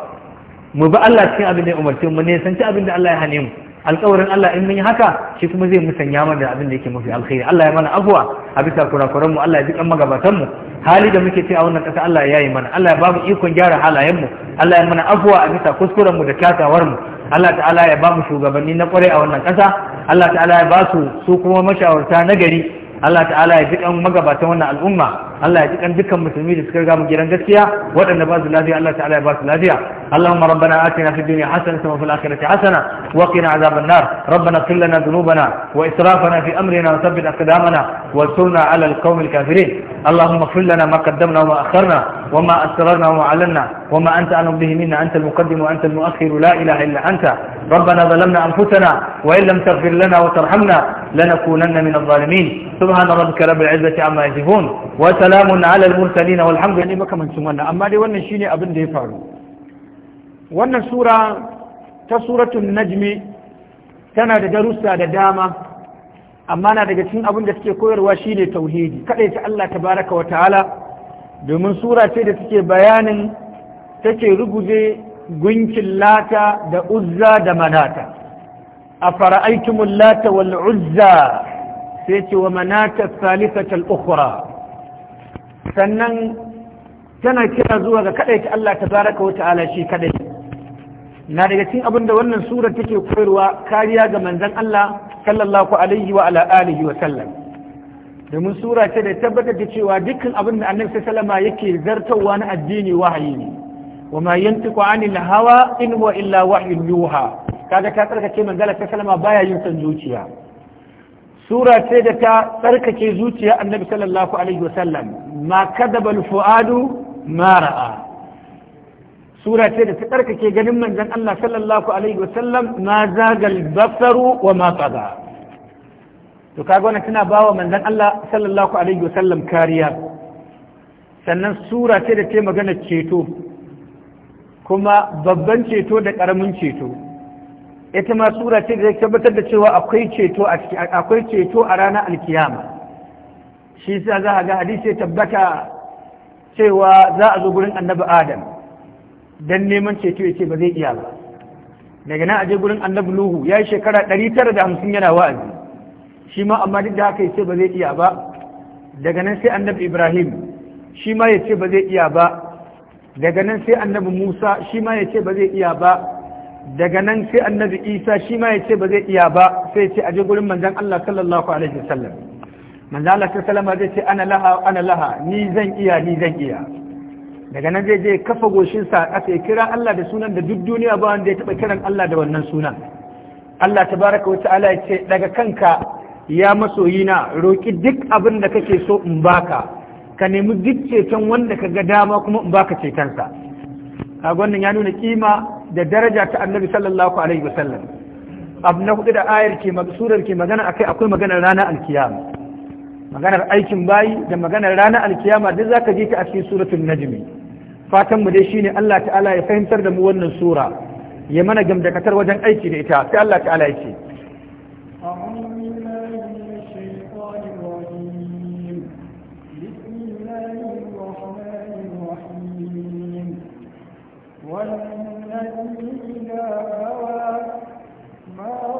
mu bi Allah cikin abin da ya umarce mu ne sanci abin da Allah ya hane mu alƙawarin Allah in mun yi haka shi kuma zai musanya mana da abin da yake mafi alkhairi Allah ya mana afwa a bisa kurakuran mu Allah ya kan magabatan mu hali da muke ci a wannan ƙasa Allah ya yi mana Allah ya bamu ikon gyara halayen mu Allah ya mana afwa a bisa kuskuren mu da kyatawar mu Allah ta'ala ya bamu shugabanni na kwarai a wannan ƙasa Allah ta'ala ya ba su su kuma mashawarta na gari Allah ta'ala ya kan magabatan wannan al'umma Allah ya ji kan dukkan musulmi da suka riga mu gidan gaskiya waɗanda ba su lafiya Allah ta'ala ya ba su lafiya Allahumma rabbana atina fid dunya hasanatan wa fil akhirati hasanatan wa qina adhaban nar rabbana qil lana dhunubana wa israfana fi amrina wa thabbit aqdamana wa sunna ala alqawm alkafirin Allahumma ighfir lana ma qaddamna wa ma akharna wa ma asrarna wa ma alanna wa ma anta alim bihi minna anta almuqaddim wa anta almuakhir la ilaha illa anta ربنا ظلمنا أنفسنا وإن لم تغفر لنا وترحمنا لنكونن من الظالمين سبحان ربك رب العزة عما يصفون وسلام salamun ala al-mursalin walhamdulillah makamancin wannan amma dai wannan shine abin da ya faru wannan sura ta suratun najmi tana da darussa da dama amma na daga cikin abin da take koyarwa shine tauhidi kada ta Allah tabaraka wa ta'ala domin sura ce da take bayanin take ruguje gunkin lata da uzza da manata a fara'aitumul lata wal uzza sai ce wa manata salisatal ukhra sannan tana kira zuwa ga kaɗai ta Allah ta baraka wa ta'ala shi kaɗai na daga cikin abin da wannan sura take koyarwa kariya ga manzon Allah sallallahu alaihi wa ala wa sallam domin sura ce da tabbatar da cewa dukkan abin da annabi sallama yake zartarwa na addini wahayi ne wa ma yantiqu hawa in huwa illa yuha kaga ta tsarkake manzon Allah sallama baya yin san zuciya sura ce da ta tsarkake zuciya annabi sallallahu alaihi wasallam ma kadaba fuadu ma ra'a sura ce da ta tsarkake ganin manzon Allah sallallahu alaihi wasallam ma zagal basaru wa ma qada to kaga wannan tana bawa manzon Allah sallallahu alaihi wasallam kariya sannan sura ce da ta magana ceto kuma babban ceto da karamin ceto ita ma sura ce da ya tabbatar da cewa akwai ceto a ranar alkiyama shi sa za a ga hadisi ya tabbata cewa za a zo gurin annabi adam don neman ceto ya ce ba zai iya ba daga nan aje gurin annabi nuhu ya yi shekara 950 yana wa'azi shi ma amma duk da haka ya ce ba zai iya ba daga nan sai annabi ibrahim shi ma ya ce ba zai iya ba daga nan sai annabi musa shi ma ya ce ba zai iya ba daga nan sai annabi isa shi ma ya ce ba zai iya ba sai ce je gurin manzan Allah sallallahu alaihi wasallam manzan Allah sallallahu alaihi wasallam zai ce ana laha ana laha ni zan iya ni zan iya daga nan zai je kafa goshinsa a ƙasa ya kira Allah da sunan da duk duniya ba wanda ya taɓa kiran Allah da wannan sunan Allah baraka wa ta'ala ya ce daga kanka ya masoyina roƙi duk abin da kake so in baka ka nemi duk ceton wanda ka ga dama kuma in baka cetonsa a wannan ya nuna kima da daraja ta annabi sallallahu alaihi sallam abu na hudu da ayar ke surar ke magana akai akwai maganar ranar alkiyama maganar aikin bayi da maganar ranar alkiyama duk zaka je ta a cikin suratul najmi fatan mu dai shine Allah ta'ala ya fahimtar da mu wannan sura ya mana gamdakatar wajen aiki da ita sai Allah ta'ala ya ce